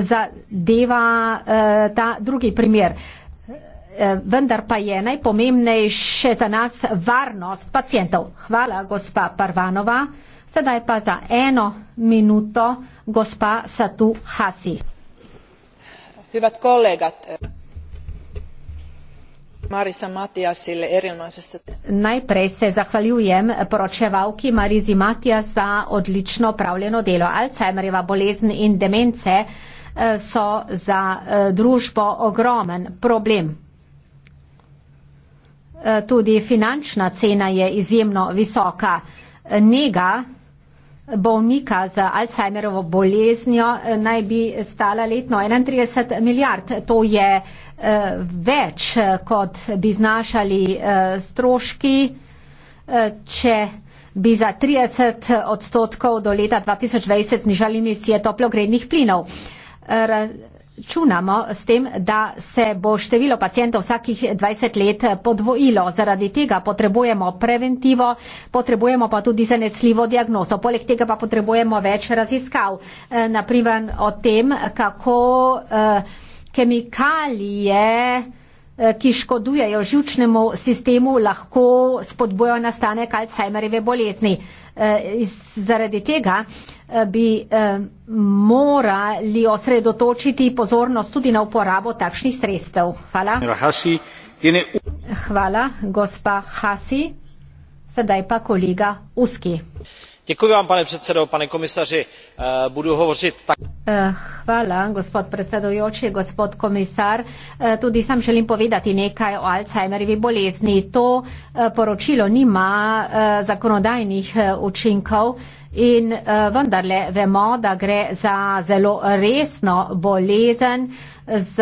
zadeva eh, ta drugi primer. Eh, vendar pa je najpomembnejše za nas varnost pacijentov. Hvala, gospa Parvanova. Sedaj pa za eno minuto, gospa Satu Hasi. Hyvät kollegat, Marisa Matijasile erinomasest. najprej se zahvaljujem poročevalki Marizi Matija za odlično opravljeno delo. Alzheimerjeva bolezen in demence eh, so za eh, družbo ogromen problem. Eh, tudi finančna cena je izjemno visoka. Nega bolnika z Alzheimerovo boleznjo naj bi stala letno 31 milijard. To je Eh, več, eh, kot bi znašali eh, stroški, če bi za 30 odstotkov do leta 2020 znižali emisije toplogrednih plinov. Računamo s tem, da se bo število pacijentov vsakih 20 let podvojilo. Zaradi tega potrebujemo preventivo, potrebujemo pa tudi zanesljivo diagnozo. Poleg tega pa potrebujemo več raziskav, naprimer o tem, kako. Uh, kemikalije, eh, ki škodujejo žilčnemu sistemu, lahko spodbojo nastanek Alzheimerjeve bolezni. Eh, zaradi tega eh, bi morali osredotočiti pozornost tudi na uporabo takšnih sredstev. Hvala. Hvala, gospa Hasi. Sedaj pa kolega Uski pane predsedo pane komisaři eh, budu hovořit eh, Hvala, gospod predsedujoči, gospod komisar. Eh, tudi sam želim povedati nekaj o Alzheimerjevi bolezni. To poročilo nima zakonodajnih učinkov in vendarle vemo, da gre za zelo resno bolezen z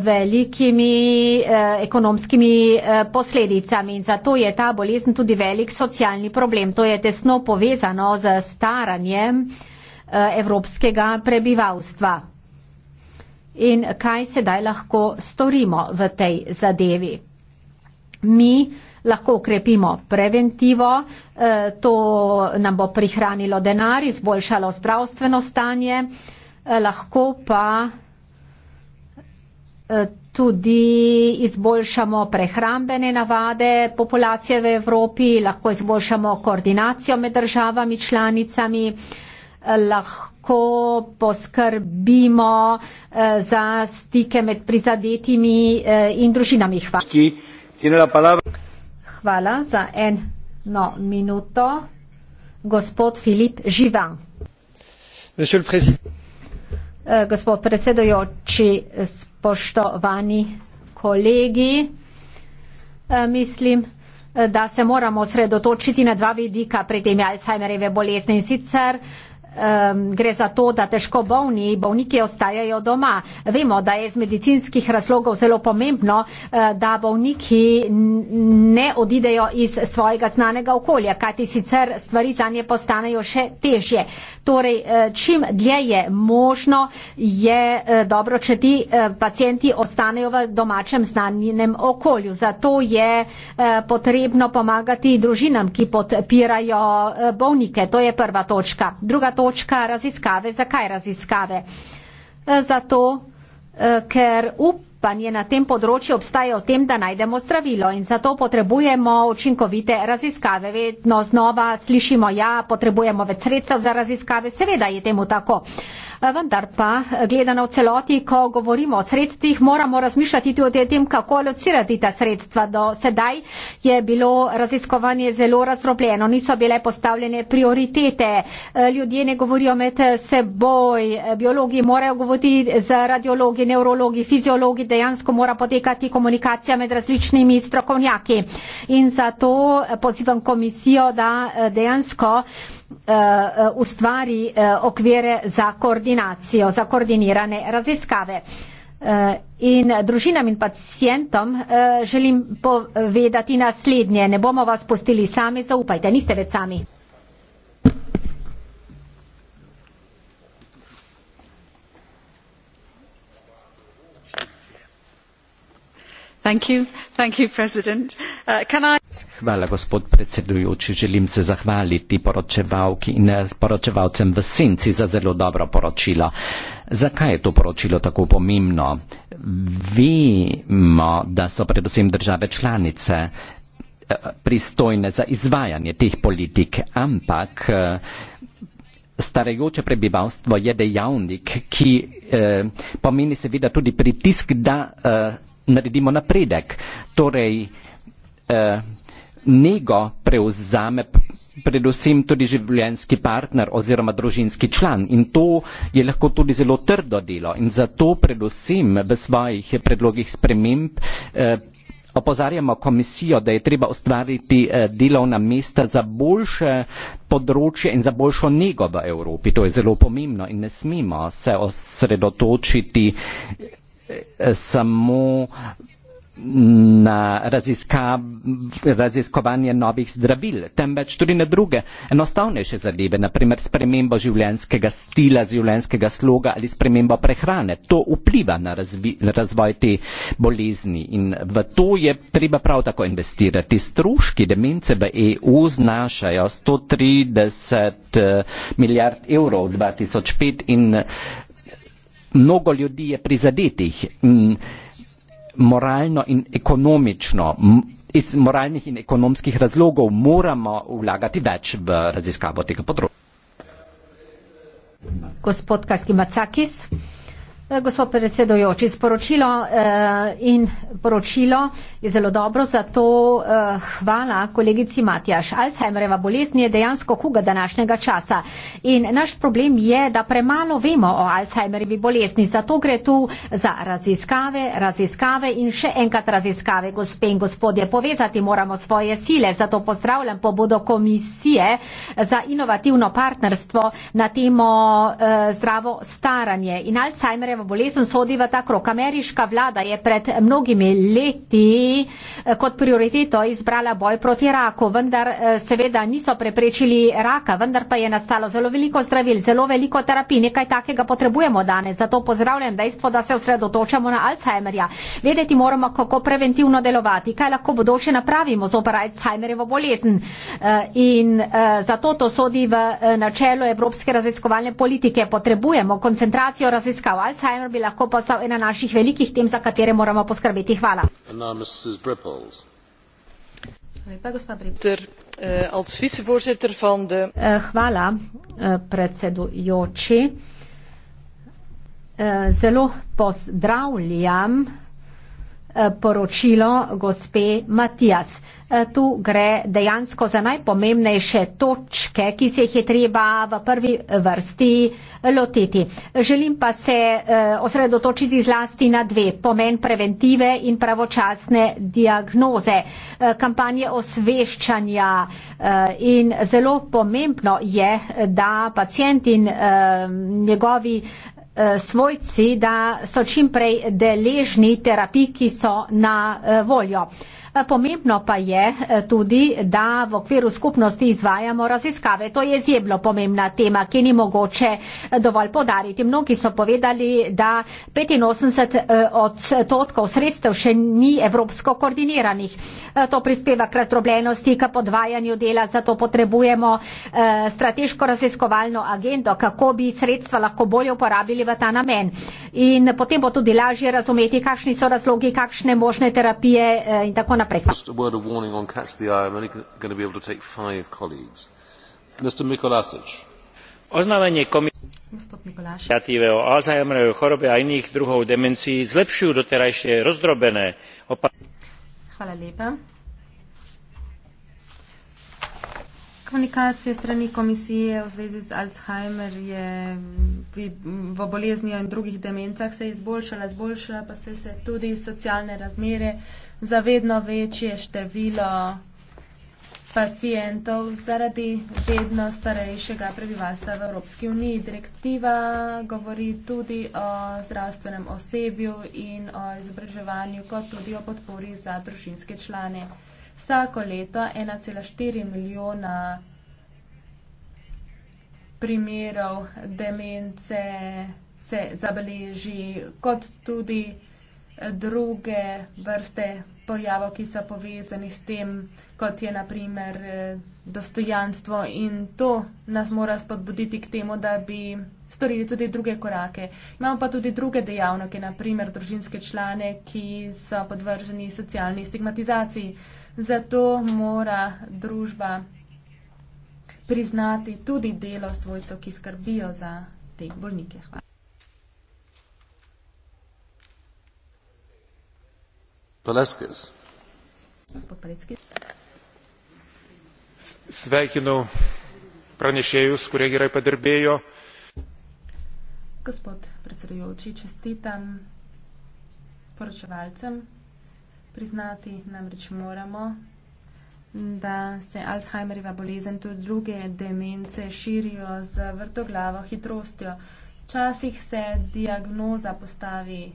velikimi eh, ekonomskimi eh, posledicami in zato je ta bolezen tudi velik socialni problem. To je tesno povezano z staranjem eh, evropskega prebivalstva. In kaj sedaj lahko storimo v tej zadevi? Mi lahko ukrepimo preventivo, eh, to nam bo prihranilo denar, izboljšalo zdravstveno stanje, eh, lahko pa. Eh, tudi izboljšamo prehrambene navade populacije v Evropi, lahko izboljšamo koordinacijo med državami članicami, eh, lahko poskrbimo eh, za stike med prizadetimi in družinami. Hvala. Hvala za eno minuto. Gospod Filip Živan. Gospod predsedujoči, spoštovani kolegi. Eh, mislim, eh, da se moramo osredotočiti na dva vidika pri tem Alzheimerjeve bolezni in sicer um, gre za to, da težko bolni bolniki ostajajo doma. Vemo, da je iz medicinskih razlogov zelo pomembno, uh, da bolniki ne odidejo iz svojega znanega okolja, kajti sicer stvari za nje postanejo še težje. Torej, uh, čim dlje je možno, je uh, dobro, če ti uh, pacijenti ostanejo v domačem znanjenem okolju. Zato je uh, potrebno pomagati družinam, ki podpirajo uh, bolnike. To je prva točka. Druga točka točka raziskave. Zakaj raziskave? E, zato, e, ker upanje na tem področju obstaja o tem, da najdemo zdravilo in zato potrebujemo učinkovite raziskave. Vedno znova slišimo, ja, potrebujemo več sredstev za raziskave. Seveda je temu tako vendar pa eh, gledano v celoti, ko govorimo o sredstvih, moramo razmišljati tudi o tem, kako locirati ta sredstva. Do sedaj je bilo raziskovanje zelo razdrobljeno, niso bile postavljene prioritete, eh, ljudje ne govorijo med seboj, eh, biologi morajo govoriti z radiologi, neurologi, fiziologi, dejansko mora potekati komunikacija med različnimi strokovnjaki. In zato pozivam komisijo, da dejansko Eh, eh, ustvari eh, okvire za koordinacijo, za koordinirane raziskave. In družinam in pacijentom želim povedati naslednje. Ne bomo vas pustili sami, zaupajte, niste več sami. Uh, Hvala, gospod predsedujoči. Želim se zahvaliti poročevalki in eh, poročevalcem v senci za zelo dobro poročilo. Zakaj je to poročilo tako pomembno? Vemo, da so predvsem države članice eh, pristojne za izvajanje teh politik, ampak eh, starajoče prebivalstvo je dejavnik, ki eh, pomeni seveda tudi pritisk, da eh, naredimo napredek. Torej, eh, nego prevzame predvsem tudi življenjski partner oziroma družinski član in to je lahko tudi zelo trdo delo in zato predvsem v svojih predlogih sprememb eh, opozarjamo komisijo, da je treba ustvariti eh, delovna mesta za boljše področje in za boljšo nego v Evropi. To je zelo pomembno in ne smemo se osredotočiti Eh, samo na raziskovanje novih zdravil, temveč tudi na druge enostavnejše zadeve, naprimer spremembo življenjskega stila, življenjskega sloga ali spremembo prehrane. To vpliva na razvoj te bolezni in v to je treba prav tako investirati. Stroški demence v EU znašajo 130 eh, milijard evrov 2005 in mnogo ljudi je prizadetih in moralno in ekonomično, iz moralnih in ekonomskih razlogov moramo vlagati več v raziskavo tega področja. Gospod Kaski Macakis. Eh, gospod predsedojoči, sporočilo eh, in poročilo je zelo dobro, zato eh, hvala kolegici Matjaš. Alzheimerjeva bolezen je dejansko huga današnjega časa in naš problem je, da premalo vemo o Alzheimerjevi bolezni, zato gre tu za raziskave, raziskave in še enkrat raziskave, gospe in gospodje. Povezati moramo svoje sile, zato pozdravljam pobudo komisije eh, za inovativno partnerstvo na temo eh, zdravo staranje in Alzheimerjeva. Alzheimerjevo bolezen sodi v ta krok. Ameriška vlada je pred mnogimi leti eh, kot prioriteto izbrala boj proti raku, vendar eh, seveda niso preprečili raka, vendar pa je nastalo zelo veliko zdravil, zelo veliko terapij, nekaj takega potrebujemo danes. Zato pozdravljam dejstvo, da se osredotočamo na Alzheimerja. Vedeti moramo, kako preventivno delovati, kaj lahko bodoče napravimo zopra Alzheimerjevo bolezen. Eh, in zato to sodi v načelo Evropske raziskovalne politike. Potrebujemo koncentracijo raziskav Alzheimerja. Alzheimer bi lahko postal ena naših velikih tem, za katere moramo poskrbeti. Hvala. Hvala, eh, eh, eh, predsedujoči. Zelo pozdravljam. Eh, poročilo gospe Matijas. Eh, tu gre dejansko za najpomembnejše točke, ki se jih je treba v prvi vrsti lotiti. Želim pa se eh, osredotočiti zlasti na dve, pomen preventive in pravočasne diagnoze, kampanje osveščanja in zelo pomembno je, da pacijent in njegovi Eh, svojci, da so čim prej deležni terapij, ki so na eh, voljo. Eh, pomembno pa je eh, tudi, da v okviru skupnosti izvajamo raziskave. To je izjemno pomembna tema, ki ni mogoče eh, dovolj podariti. Mnogi so povedali, da 85 odstotkov sredstev še ni evropsko koordiniranih. To prispeva k razdrobljenosti, k podvajanju dela, zato potrebujemo strateško raziskovalno agendo, kako bi sredstva lahko bolje uporabili v ta namen. In potem bo tudi lažje razumeti, kakšni so razlogi, kakšne možne terapije in tako naprej. Just a word of warning on Catch the Eye. I'm only going to be able to take five colleagues. Mr. Mikolasic. iniciatíve o Alzheimerovej chorobe a iných druhov demencií zlepšujú doterajšie rozdrobené opatrenia. komunikacije strani komisije v zvezi z Alzheimer je v bolezni in drugih demencah se izboljšala, zboljšala pa se se tudi socialne razmere za vedno večje število pacijentov zaradi vedno starejšega prebivalstva v Evropski uniji. Direktiva govori tudi o zdravstvenem osebju in o izobraževanju, kot tudi o podpori za družinske člane vsako leto 1,4 milijona primerov demence se zabeleži, kot tudi druge vrste pojavov, ki so povezani s tem, kot je naprimer eh, dostojanstvo. In to nas mora spodbuditi k temu, da bi storili tudi druge korake. Imamo pa tudi druge dejavnike, naprimer družinske člane, ki so podvrženi socialni stigmatizaciji. Zato mora družba priznati tudi delo svojcev, ki skrbijo za te bolnike. Hvala. Paleskis. Gospod Paleskis. Sveikinu pranešėjus, kurie gerai padirbėjo. Gospod predsedujoči, čestitam poročevalcem, priznati, namreč moramo, da se Alzheimerjeva bolezen tudi druge demence širijo z vrtoglavo hitrostjo. Včasih se diagnoza postavi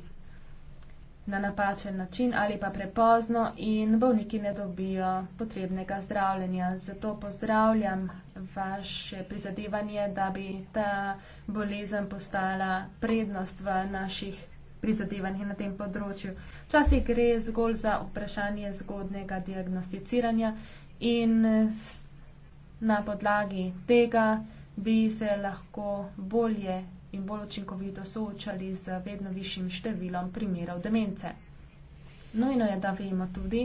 na napačen način ali pa prepozno in bolniki ne dobijo potrebnega zdravljenja. Zato pozdravljam vaše prizadevanje, da bi ta bolezen postala prednost v naših prizadevanje na tem področju. Včasih gre zgolj za vprašanje zgodnega diagnosticiranja in na podlagi tega bi se lahko bolje in bolj učinkovito soočali z vedno višjim številom primerov demence. Nujno je, da vemo tudi,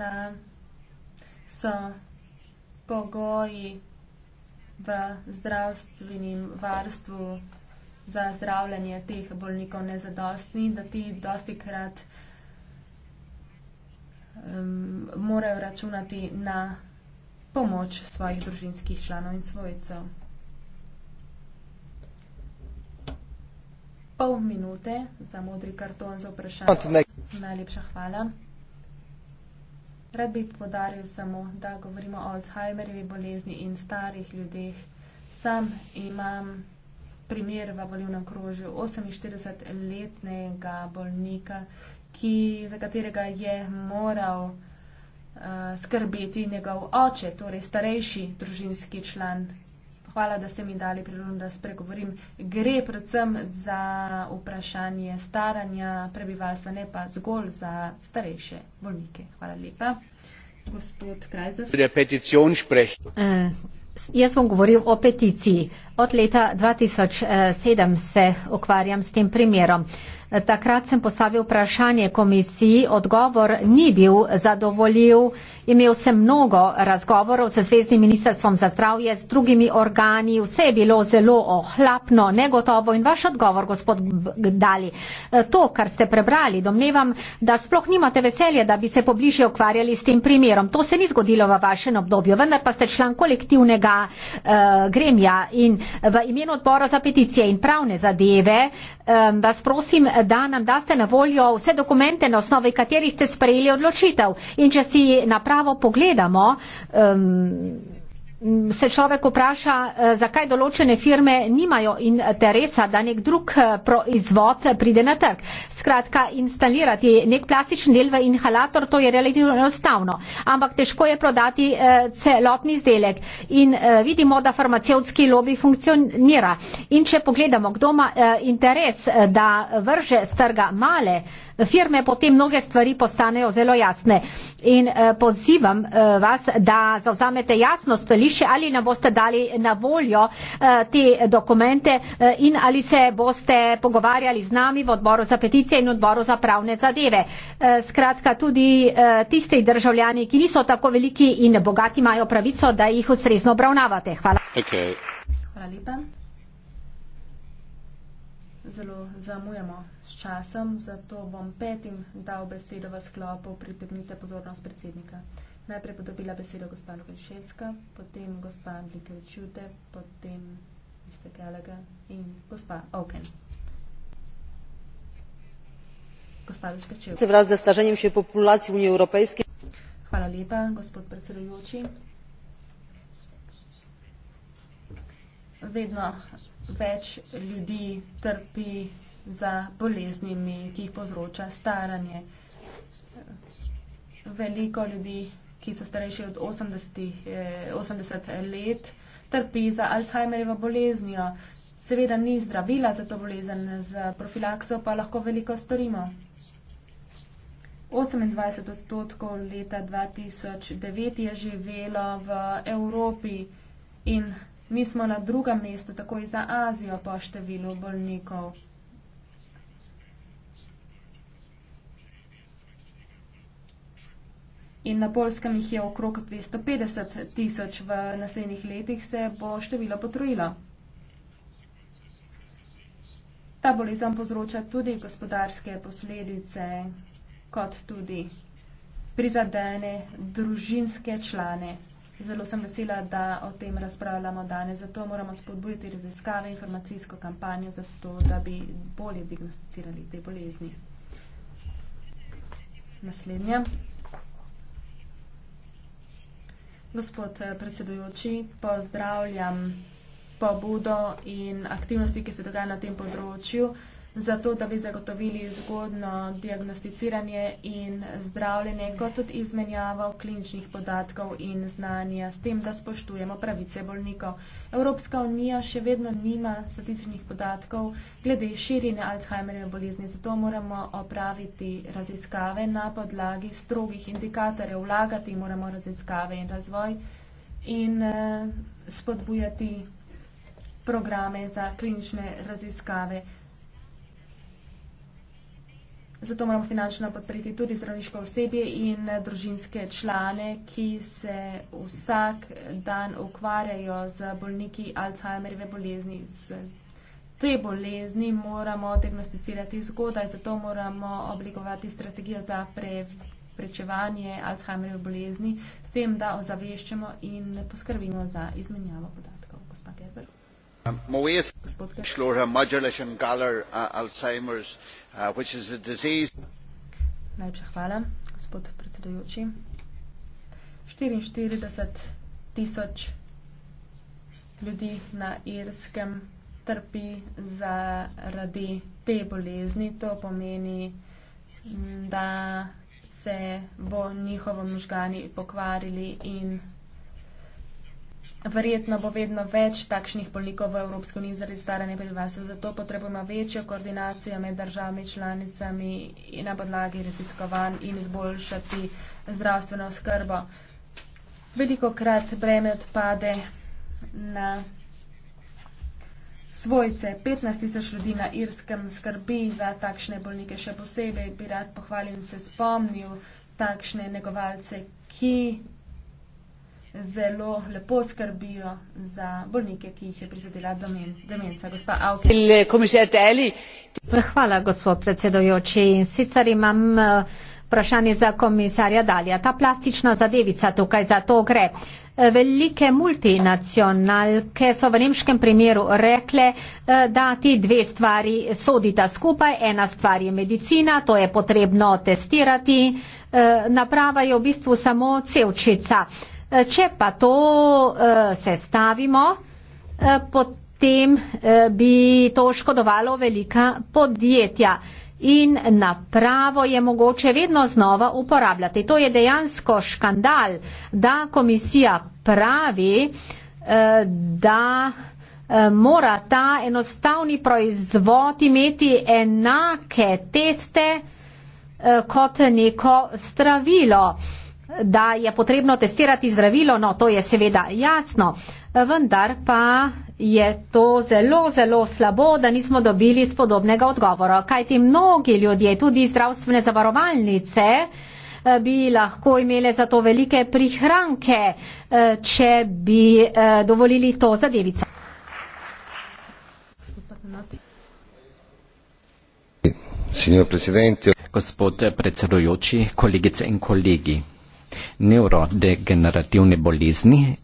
da so pogoji v zdravstvenim varstvu za zdravljenje teh bolnikov nezadostni, da ti dosti krat um, morajo računati na pomoč svojih družinskih članov in svojcev. Pol minute za modri karton za vprašanje. Najlepša hvala. Rad bi podaril samo, da govorimo o Alzheimerjevi bolezni in starih ljudeh. Sam imam primer v volivnem krožju 48-letnega bolnika, ki, za katerega je moral uh, skrbeti njegov oče, torej starejši družinski član. Hvala, da ste mi dali priložnost, da spregovorim. Gre predvsem za vprašanje staranja prebivalstva, ne pa zgolj za starejše bolnike. Hvala lepa. Gospod Krajzdor. Jaz bom govoril o peticiji. Od leta 2007 eh, se ukvarjam s tem primerom. Uh, Takrat sem postavil vprašanje komisiji, odgovor ni bil zadovoljiv. Imel sem mnogo razgovorov s Zvezdnim ministrstvom za zdravje, z drugimi organi, vse je bilo zelo ohlapno, negotovo in vaš odgovor, gospod Gdali, to, kar ste prebrali, domnevam, da sploh nimate veselje, da bi se pobliže okvarjali s tem primerom. To se ni zgodilo v vašem obdobju, vendar pa ste član kolektivnega uh, gremija in v imenu odbora za peticije in pravne zadeve um, vas prosim, da nam daste na voljo vse dokumente, na osnovi katerih ste sprejeli odločitev. In če si napravo pogledamo, um, se človek vpraša, eh, zakaj določene firme nimajo interesa, eh, da nek drug eh, proizvod pride na trg. Skratka, instalirati nek plastičen del v inhalator, to je relativno enostavno, ampak težko je prodati celotni izdelek. In vidimo, da farmacevtski lobby funkcionira. In če pogledamo, kdo ima interes, da vrže z trga male, firme, potem mnoge stvari postanejo zelo jasne. In eh, pozivam eh, vas, da zauzamete jasno stališče, ali nam boste dali na voljo eh, te dokumente eh, in ali se boste pogovarjali z nami v odboru za peticije in odboru za pravne zadeve. Eh, skratka, tudi eh, tisti državljani, ki niso tako veliki in bogati, imajo pravico, da jih ustrezno obravnavate. Hvala. Okay. Hvala lepa. Zelo zamujamo časom, zato bom petim dal besedo v sklopu pritegnite pozornost predsednika. Najprej bo dobila besedo gospa Lukaševska, potem gospa Andrikevičute, potem Mr. Kelega in gospa Oken. Gospa Lukaševska. Se vrati za staženjem še populacije Unije Evropejske. Hvala lepa, gospod predsedujoči. Vedno več ljudi trpi za boleznimi, ki jih povzroča staranje. Veliko ljudi, ki so starejši od 80, 80 eh, eh, let, trpi za Alzheimerjevo boleznijo. Seveda ni zdravila za to bolezen, za profilakso pa lahko veliko storimo. 28 odstotkov leta 2009 je živelo v Evropi in mi smo na drugem mestu, takoj za Azijo, po številu bolnikov. in na Polskem jih je okrog 250 tisoč, v naslednjih letih se bo število potrojilo. Ta bolezen povzroča tudi gospodarske posledice, kot tudi prizadene družinske člane. Zelo sem vesela, da o tem razpravljamo danes, zato moramo spodbujiti raziskave, informacijsko kampanjo, zato da bi bolje diagnosticirali te bolezni. Naslednja. Gospod eh, predsedujoči, pozdravljam pobudo in aktivnosti, ki se dogajajo na tem področju zato da bi zagotovili zgodno diagnosticiranje in zdravljenje, kot tudi izmenjavo kliničnih podatkov in znanja, s tem, da spoštujemo pravice bolnikov. Evropska unija še vedno nima statističnih podatkov glede širine Alzheimerjeve bolezni, zato moramo opraviti raziskave na podlagi strogih indikatorjev, vlagati moramo raziskave in razvoj in eh, spodbujati programe za klinične raziskave. Zato moramo finančno podpreti tudi zdravniško osebje in družinske člane, ki se vsak dan ukvarjajo z bolniki Alzheimerjeve bolezni. Te bolezni moramo diagnosticirati zgodaj, zato moramo oblikovati strategijo za pre, prečevanje Alzheimerjeve bolezni, s tem, da ozaveščamo in poskrbimo za izmenjavo podatkov. Gospa Gerber. Um, Gospod Gerber. Uh, which is a disease. Najlepša hvala, gospod predsedujoči. 44 tisoč ljudi na Irskem trpi zaradi te bolezni. To pomeni, da se bo njihovo možgani pokvarili in Verjetno bo vedno več takšnih bolnikov v Evropski uniji zaradi staranja prebivalstva, zato potrebujemo večjo koordinacijo med državami članicami in na podlagi raziskovanj in izboljšati zdravstveno skrbo. Veliko krat breme odpade na. Svojce, 15 tisoč ljudi na Irskem skrbi za takšne bolnike, še posebej bi rad pohvalil in se spomnil takšne negovalce, ki zelo lepo skrbijo za bolnike, ki jih je prizadela domen, demenca. Gospa Avke. Eh, hvala, gospod predsedojoči. Sicer imam eh, vprašanje za komisarja Dalja. Ta plastična zadevica tukaj za to gre. Eh, velike multinacionalke so v nemškem primeru rekle, da ti dve stvari sodita skupaj. Ena stvar je medicina, to je potrebno testirati. Naprava je v bistvu samo cevčica. Eh, če pa to eh, sestavimo, eh, potem bi to škodovalo velika podjetja. In napravo je mogoče vedno znova uporabljati. To je dejansko škandal, da komisija pravi, da mora ta enostavni proizvod imeti enake teste kot neko stravilo da je potrebno testirati zdravilo, no to je seveda jasno, vendar pa je to zelo, zelo slabo, da nismo dobili spodobnega odgovora. Kaj ti mnogi ljudje, tudi zdravstvene zavarovalnice, eh, bi lahko imele za to velike prihranke, eh, če bi eh, dovolili to za device. Gospod predsedujoči, kolegice in kolegi neurodegenerativne bolezni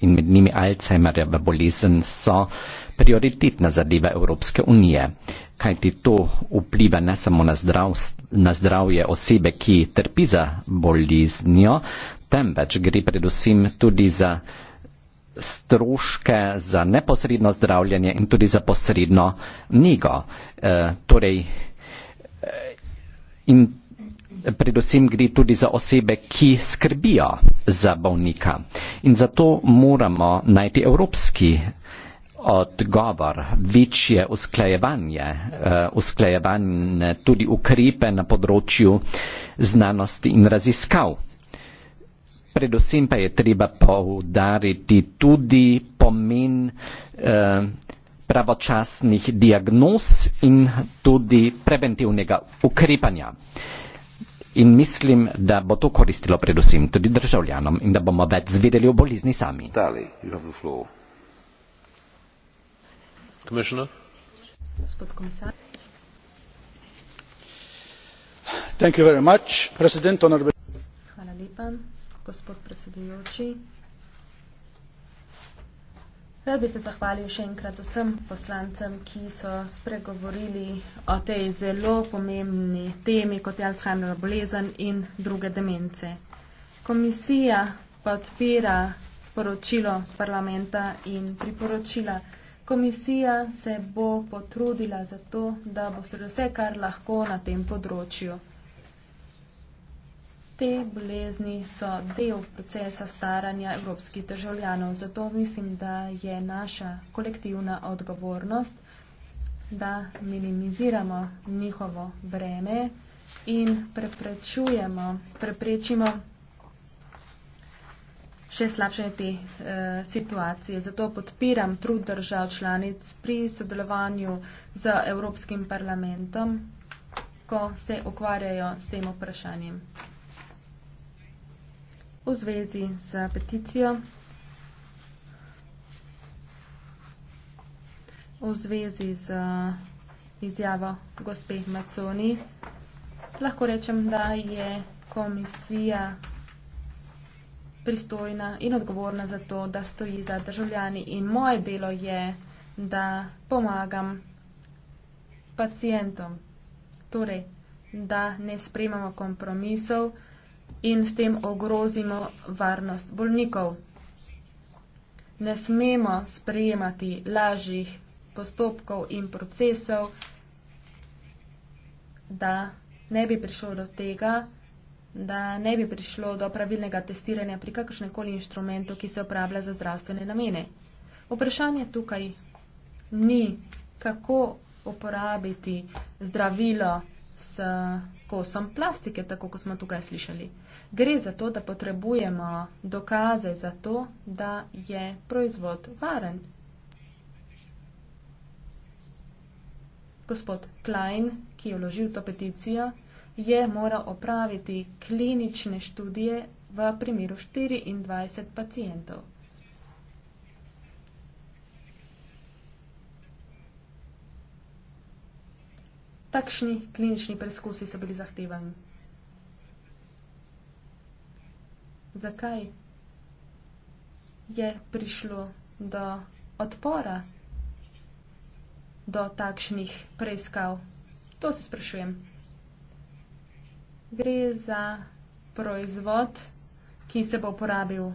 in med njimi Alzheimerjeva bolezen so prioritetna zadeva Evropske unije, kajti to vpliva ne samo na, zdrav, na zdravje osebe, ki trpi za boleznjo, temveč gre predvsem tudi za stroške, za neposredno zdravljanje in tudi za posredno njego. E, torej, e, predvsem gre tudi za osebe, ki skrbijo za bolnika. In zato moramo najti evropski odgovor, večje usklajevanje, eh, usklajevanje tudi ukrepe na področju znanosti in raziskav. Predvsem pa je treba poudariti tudi pomen eh, pravočasnih diagnoz in tudi preventivnega ukrepanja. In mislim, da bo to koristilo predvsem tudi državljanom in da bomo več zvedeli o bolizni sami. Dali, Thank you very much, President Honorable. Hvala lepa, gospod predsedujoči. Jaz bi se zahvalil še enkrat vsem poslancem, ki so spregovorili o tej zelo pomembni temi kot je Alzheimerova bolezen in druge demence. Komisija pa odpira poročilo parlamenta in priporočila. Komisija se bo potrudila za to, da bo storila vse, kar lahko na tem področju. Te bolezni so del procesa staranja evropskih državljanov, zato mislim, da je naša kolektivna odgovornost, da minimiziramo njihovo breme in preprečujemo, preprečimo še slabšanje te e, situacije. Zato podpiram trud držav članic pri sodelovanju z Evropskim parlamentom, ko se ukvarjajo s tem vprašanjem v zvezi z peticijo, v zvezi z uh, izjavo gospe Maconi. Lahko rečem, da je komisija pristojna in odgovorna za to, da stoji za državljani in moje delo je, da pomagam pacijentom. Torej, da ne sprejmamo kompromisov in s tem ogrozimo varnost bolnikov. Ne smemo sprejemati lažjih postopkov in procesov, da ne bi prišlo do tega, da ne bi prišlo do pravilnega testiranja pri kakršnem koli inštrumentu, ki se uporablja za zdravstvene namene. Vprašanje tukaj ni, kako uporabiti zdravilo s kosom plastike, tako kot smo tukaj slišali. Gre za to, da potrebujemo dokaze za to, da je proizvod varen. Gospod Klein, ki je vložil to peticijo, je moral opraviti klinične študije v primeru 24 pacijentov. Takšni klinični preizkusi so bili zahtevani. Zakaj je prišlo do odpora do takšnih preiskav? To se sprašujem. Gre za proizvod, ki se bo uporabil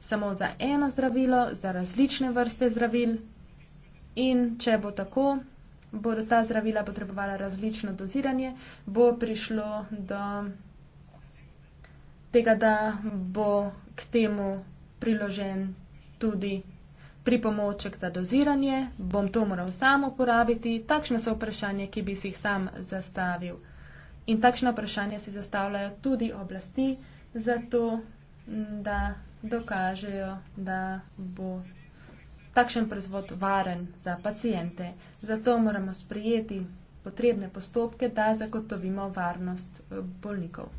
samo za eno zdravilo, za različne vrste zdravil in če bo tako, bodo ta zdravila potrebovala različno doziranje, bo prišlo do tega, da bo k temu priložen tudi pripomoček za doziranje, bom to moral sam uporabiti. Takšne so vprašanja, ki bi si jih sam zastavil. In takšne vprašanja si zastavljajo tudi oblasti, zato da dokažejo, da bo takšen proizvod varen za pacijente. Zato moramo sprejeti potrebne postopke, da zagotovimo varnost eh, bolnikov.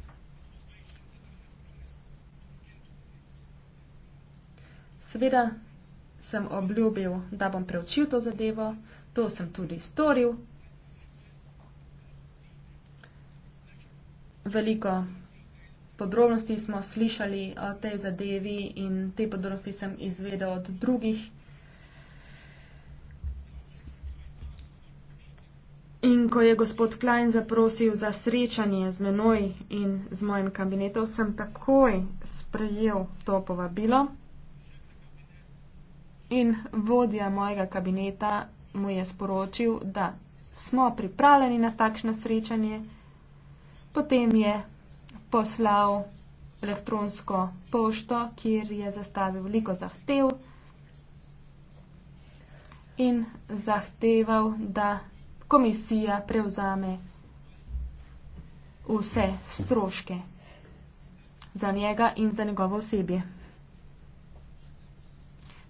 Seveda sem obljubil, da bom preučil to zadevo, to sem tudi storil. Veliko podrobnosti smo slišali o tej zadevi in te podrobnosti sem izvedel od drugih In ko je gospod Klein zaprosil za srečanje z menoj in z mojim kabinetom, sem takoj sprejel to povabilo. In vodja mojega kabineta mu je sporočil, da smo pripravljeni na takšno srečanje. Potem je poslal elektronsko pošto, kjer je zastavil veliko zahtev in zahteval, da komisija prevzame vse stroške za njega in za njegovo osebje.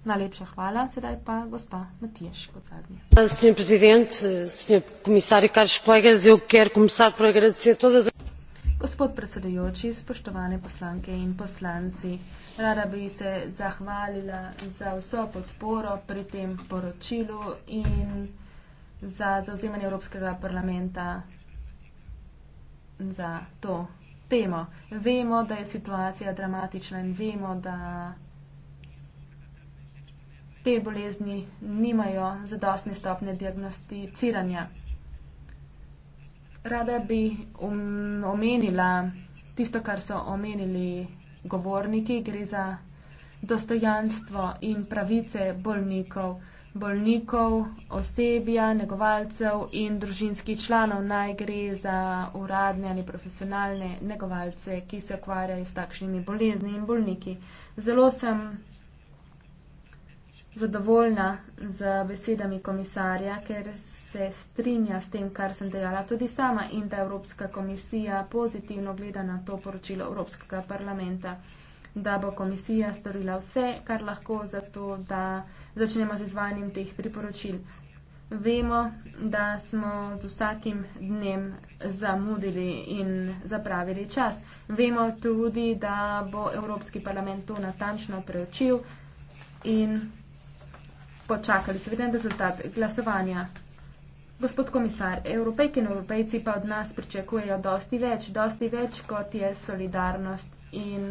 Najlepša hvala, sedaj pa gospa Matijaš kot zadnja. Sr. predsednik, sr. komisar, kaj še kolega, zdaj ker komisar pregradi to, da. Gospod predsedujoči, spoštovane poslanke in poslanci, rada bi se zahvalila za vso podporo pri tem poročilu in za zauzemanje Evropskega parlamenta za to temo. Vemo, da je situacija dramatična in vemo, da te bolezni nimajo zadostne stopne diagnosticiranja. Rada bi um, omenila tisto, kar so omenili govorniki, gre za dostojanstvo in pravice bolnikov bolnikov, osebja, negovalcev in družinskih članov. Naj gre za uradne ali profesionalne negovalce, ki se ukvarjajo s takšnimi bolezni in bolniki. Zelo sem zadovoljna z besedami komisarja, ker se strinja s tem, kar sem dejala tudi sama in da Evropska komisija pozitivno gleda na to poročilo Evropskega parlamenta da bo komisija storila vse, kar lahko, zato da začnemo z izvajanjem teh priporočil. Vemo, da smo z vsakim dnem zamudili in zapravili čas. Vemo tudi, da bo Evropski parlament to natančno preučil in počakali seveda na rezultat glasovanja. Gospod komisar, evropejke in evropejci pa od nas pričakujejo dosti več, dosti več kot je solidarnost in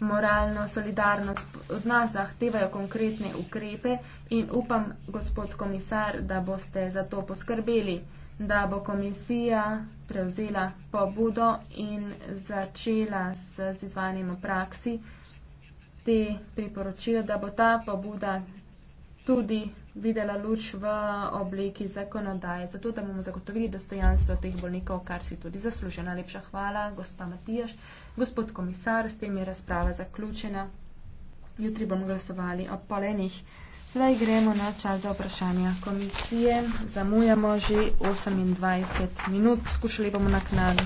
moralno solidarnost od nas zahtevajo konkretne ukrepe in upam, gospod komisar, da boste za to poskrbeli, da bo komisija prevzela pobudo in začela s izvanjem v praksi te priporočila, da bo ta pobuda tudi videla luč v obliki zakonodaje, zato da bomo zagotovili dostojanstvo teh bolnikov, kar si tudi zaslužena. Lepša hvala, gospa Matijaš. Gospod komisar, s tem je razprava zaključena. Jutri bomo glasovali o polenih. Zdaj gremo na čas za vprašanja komisije. Zamujamo že 28 minut, skušali bomo naknadno.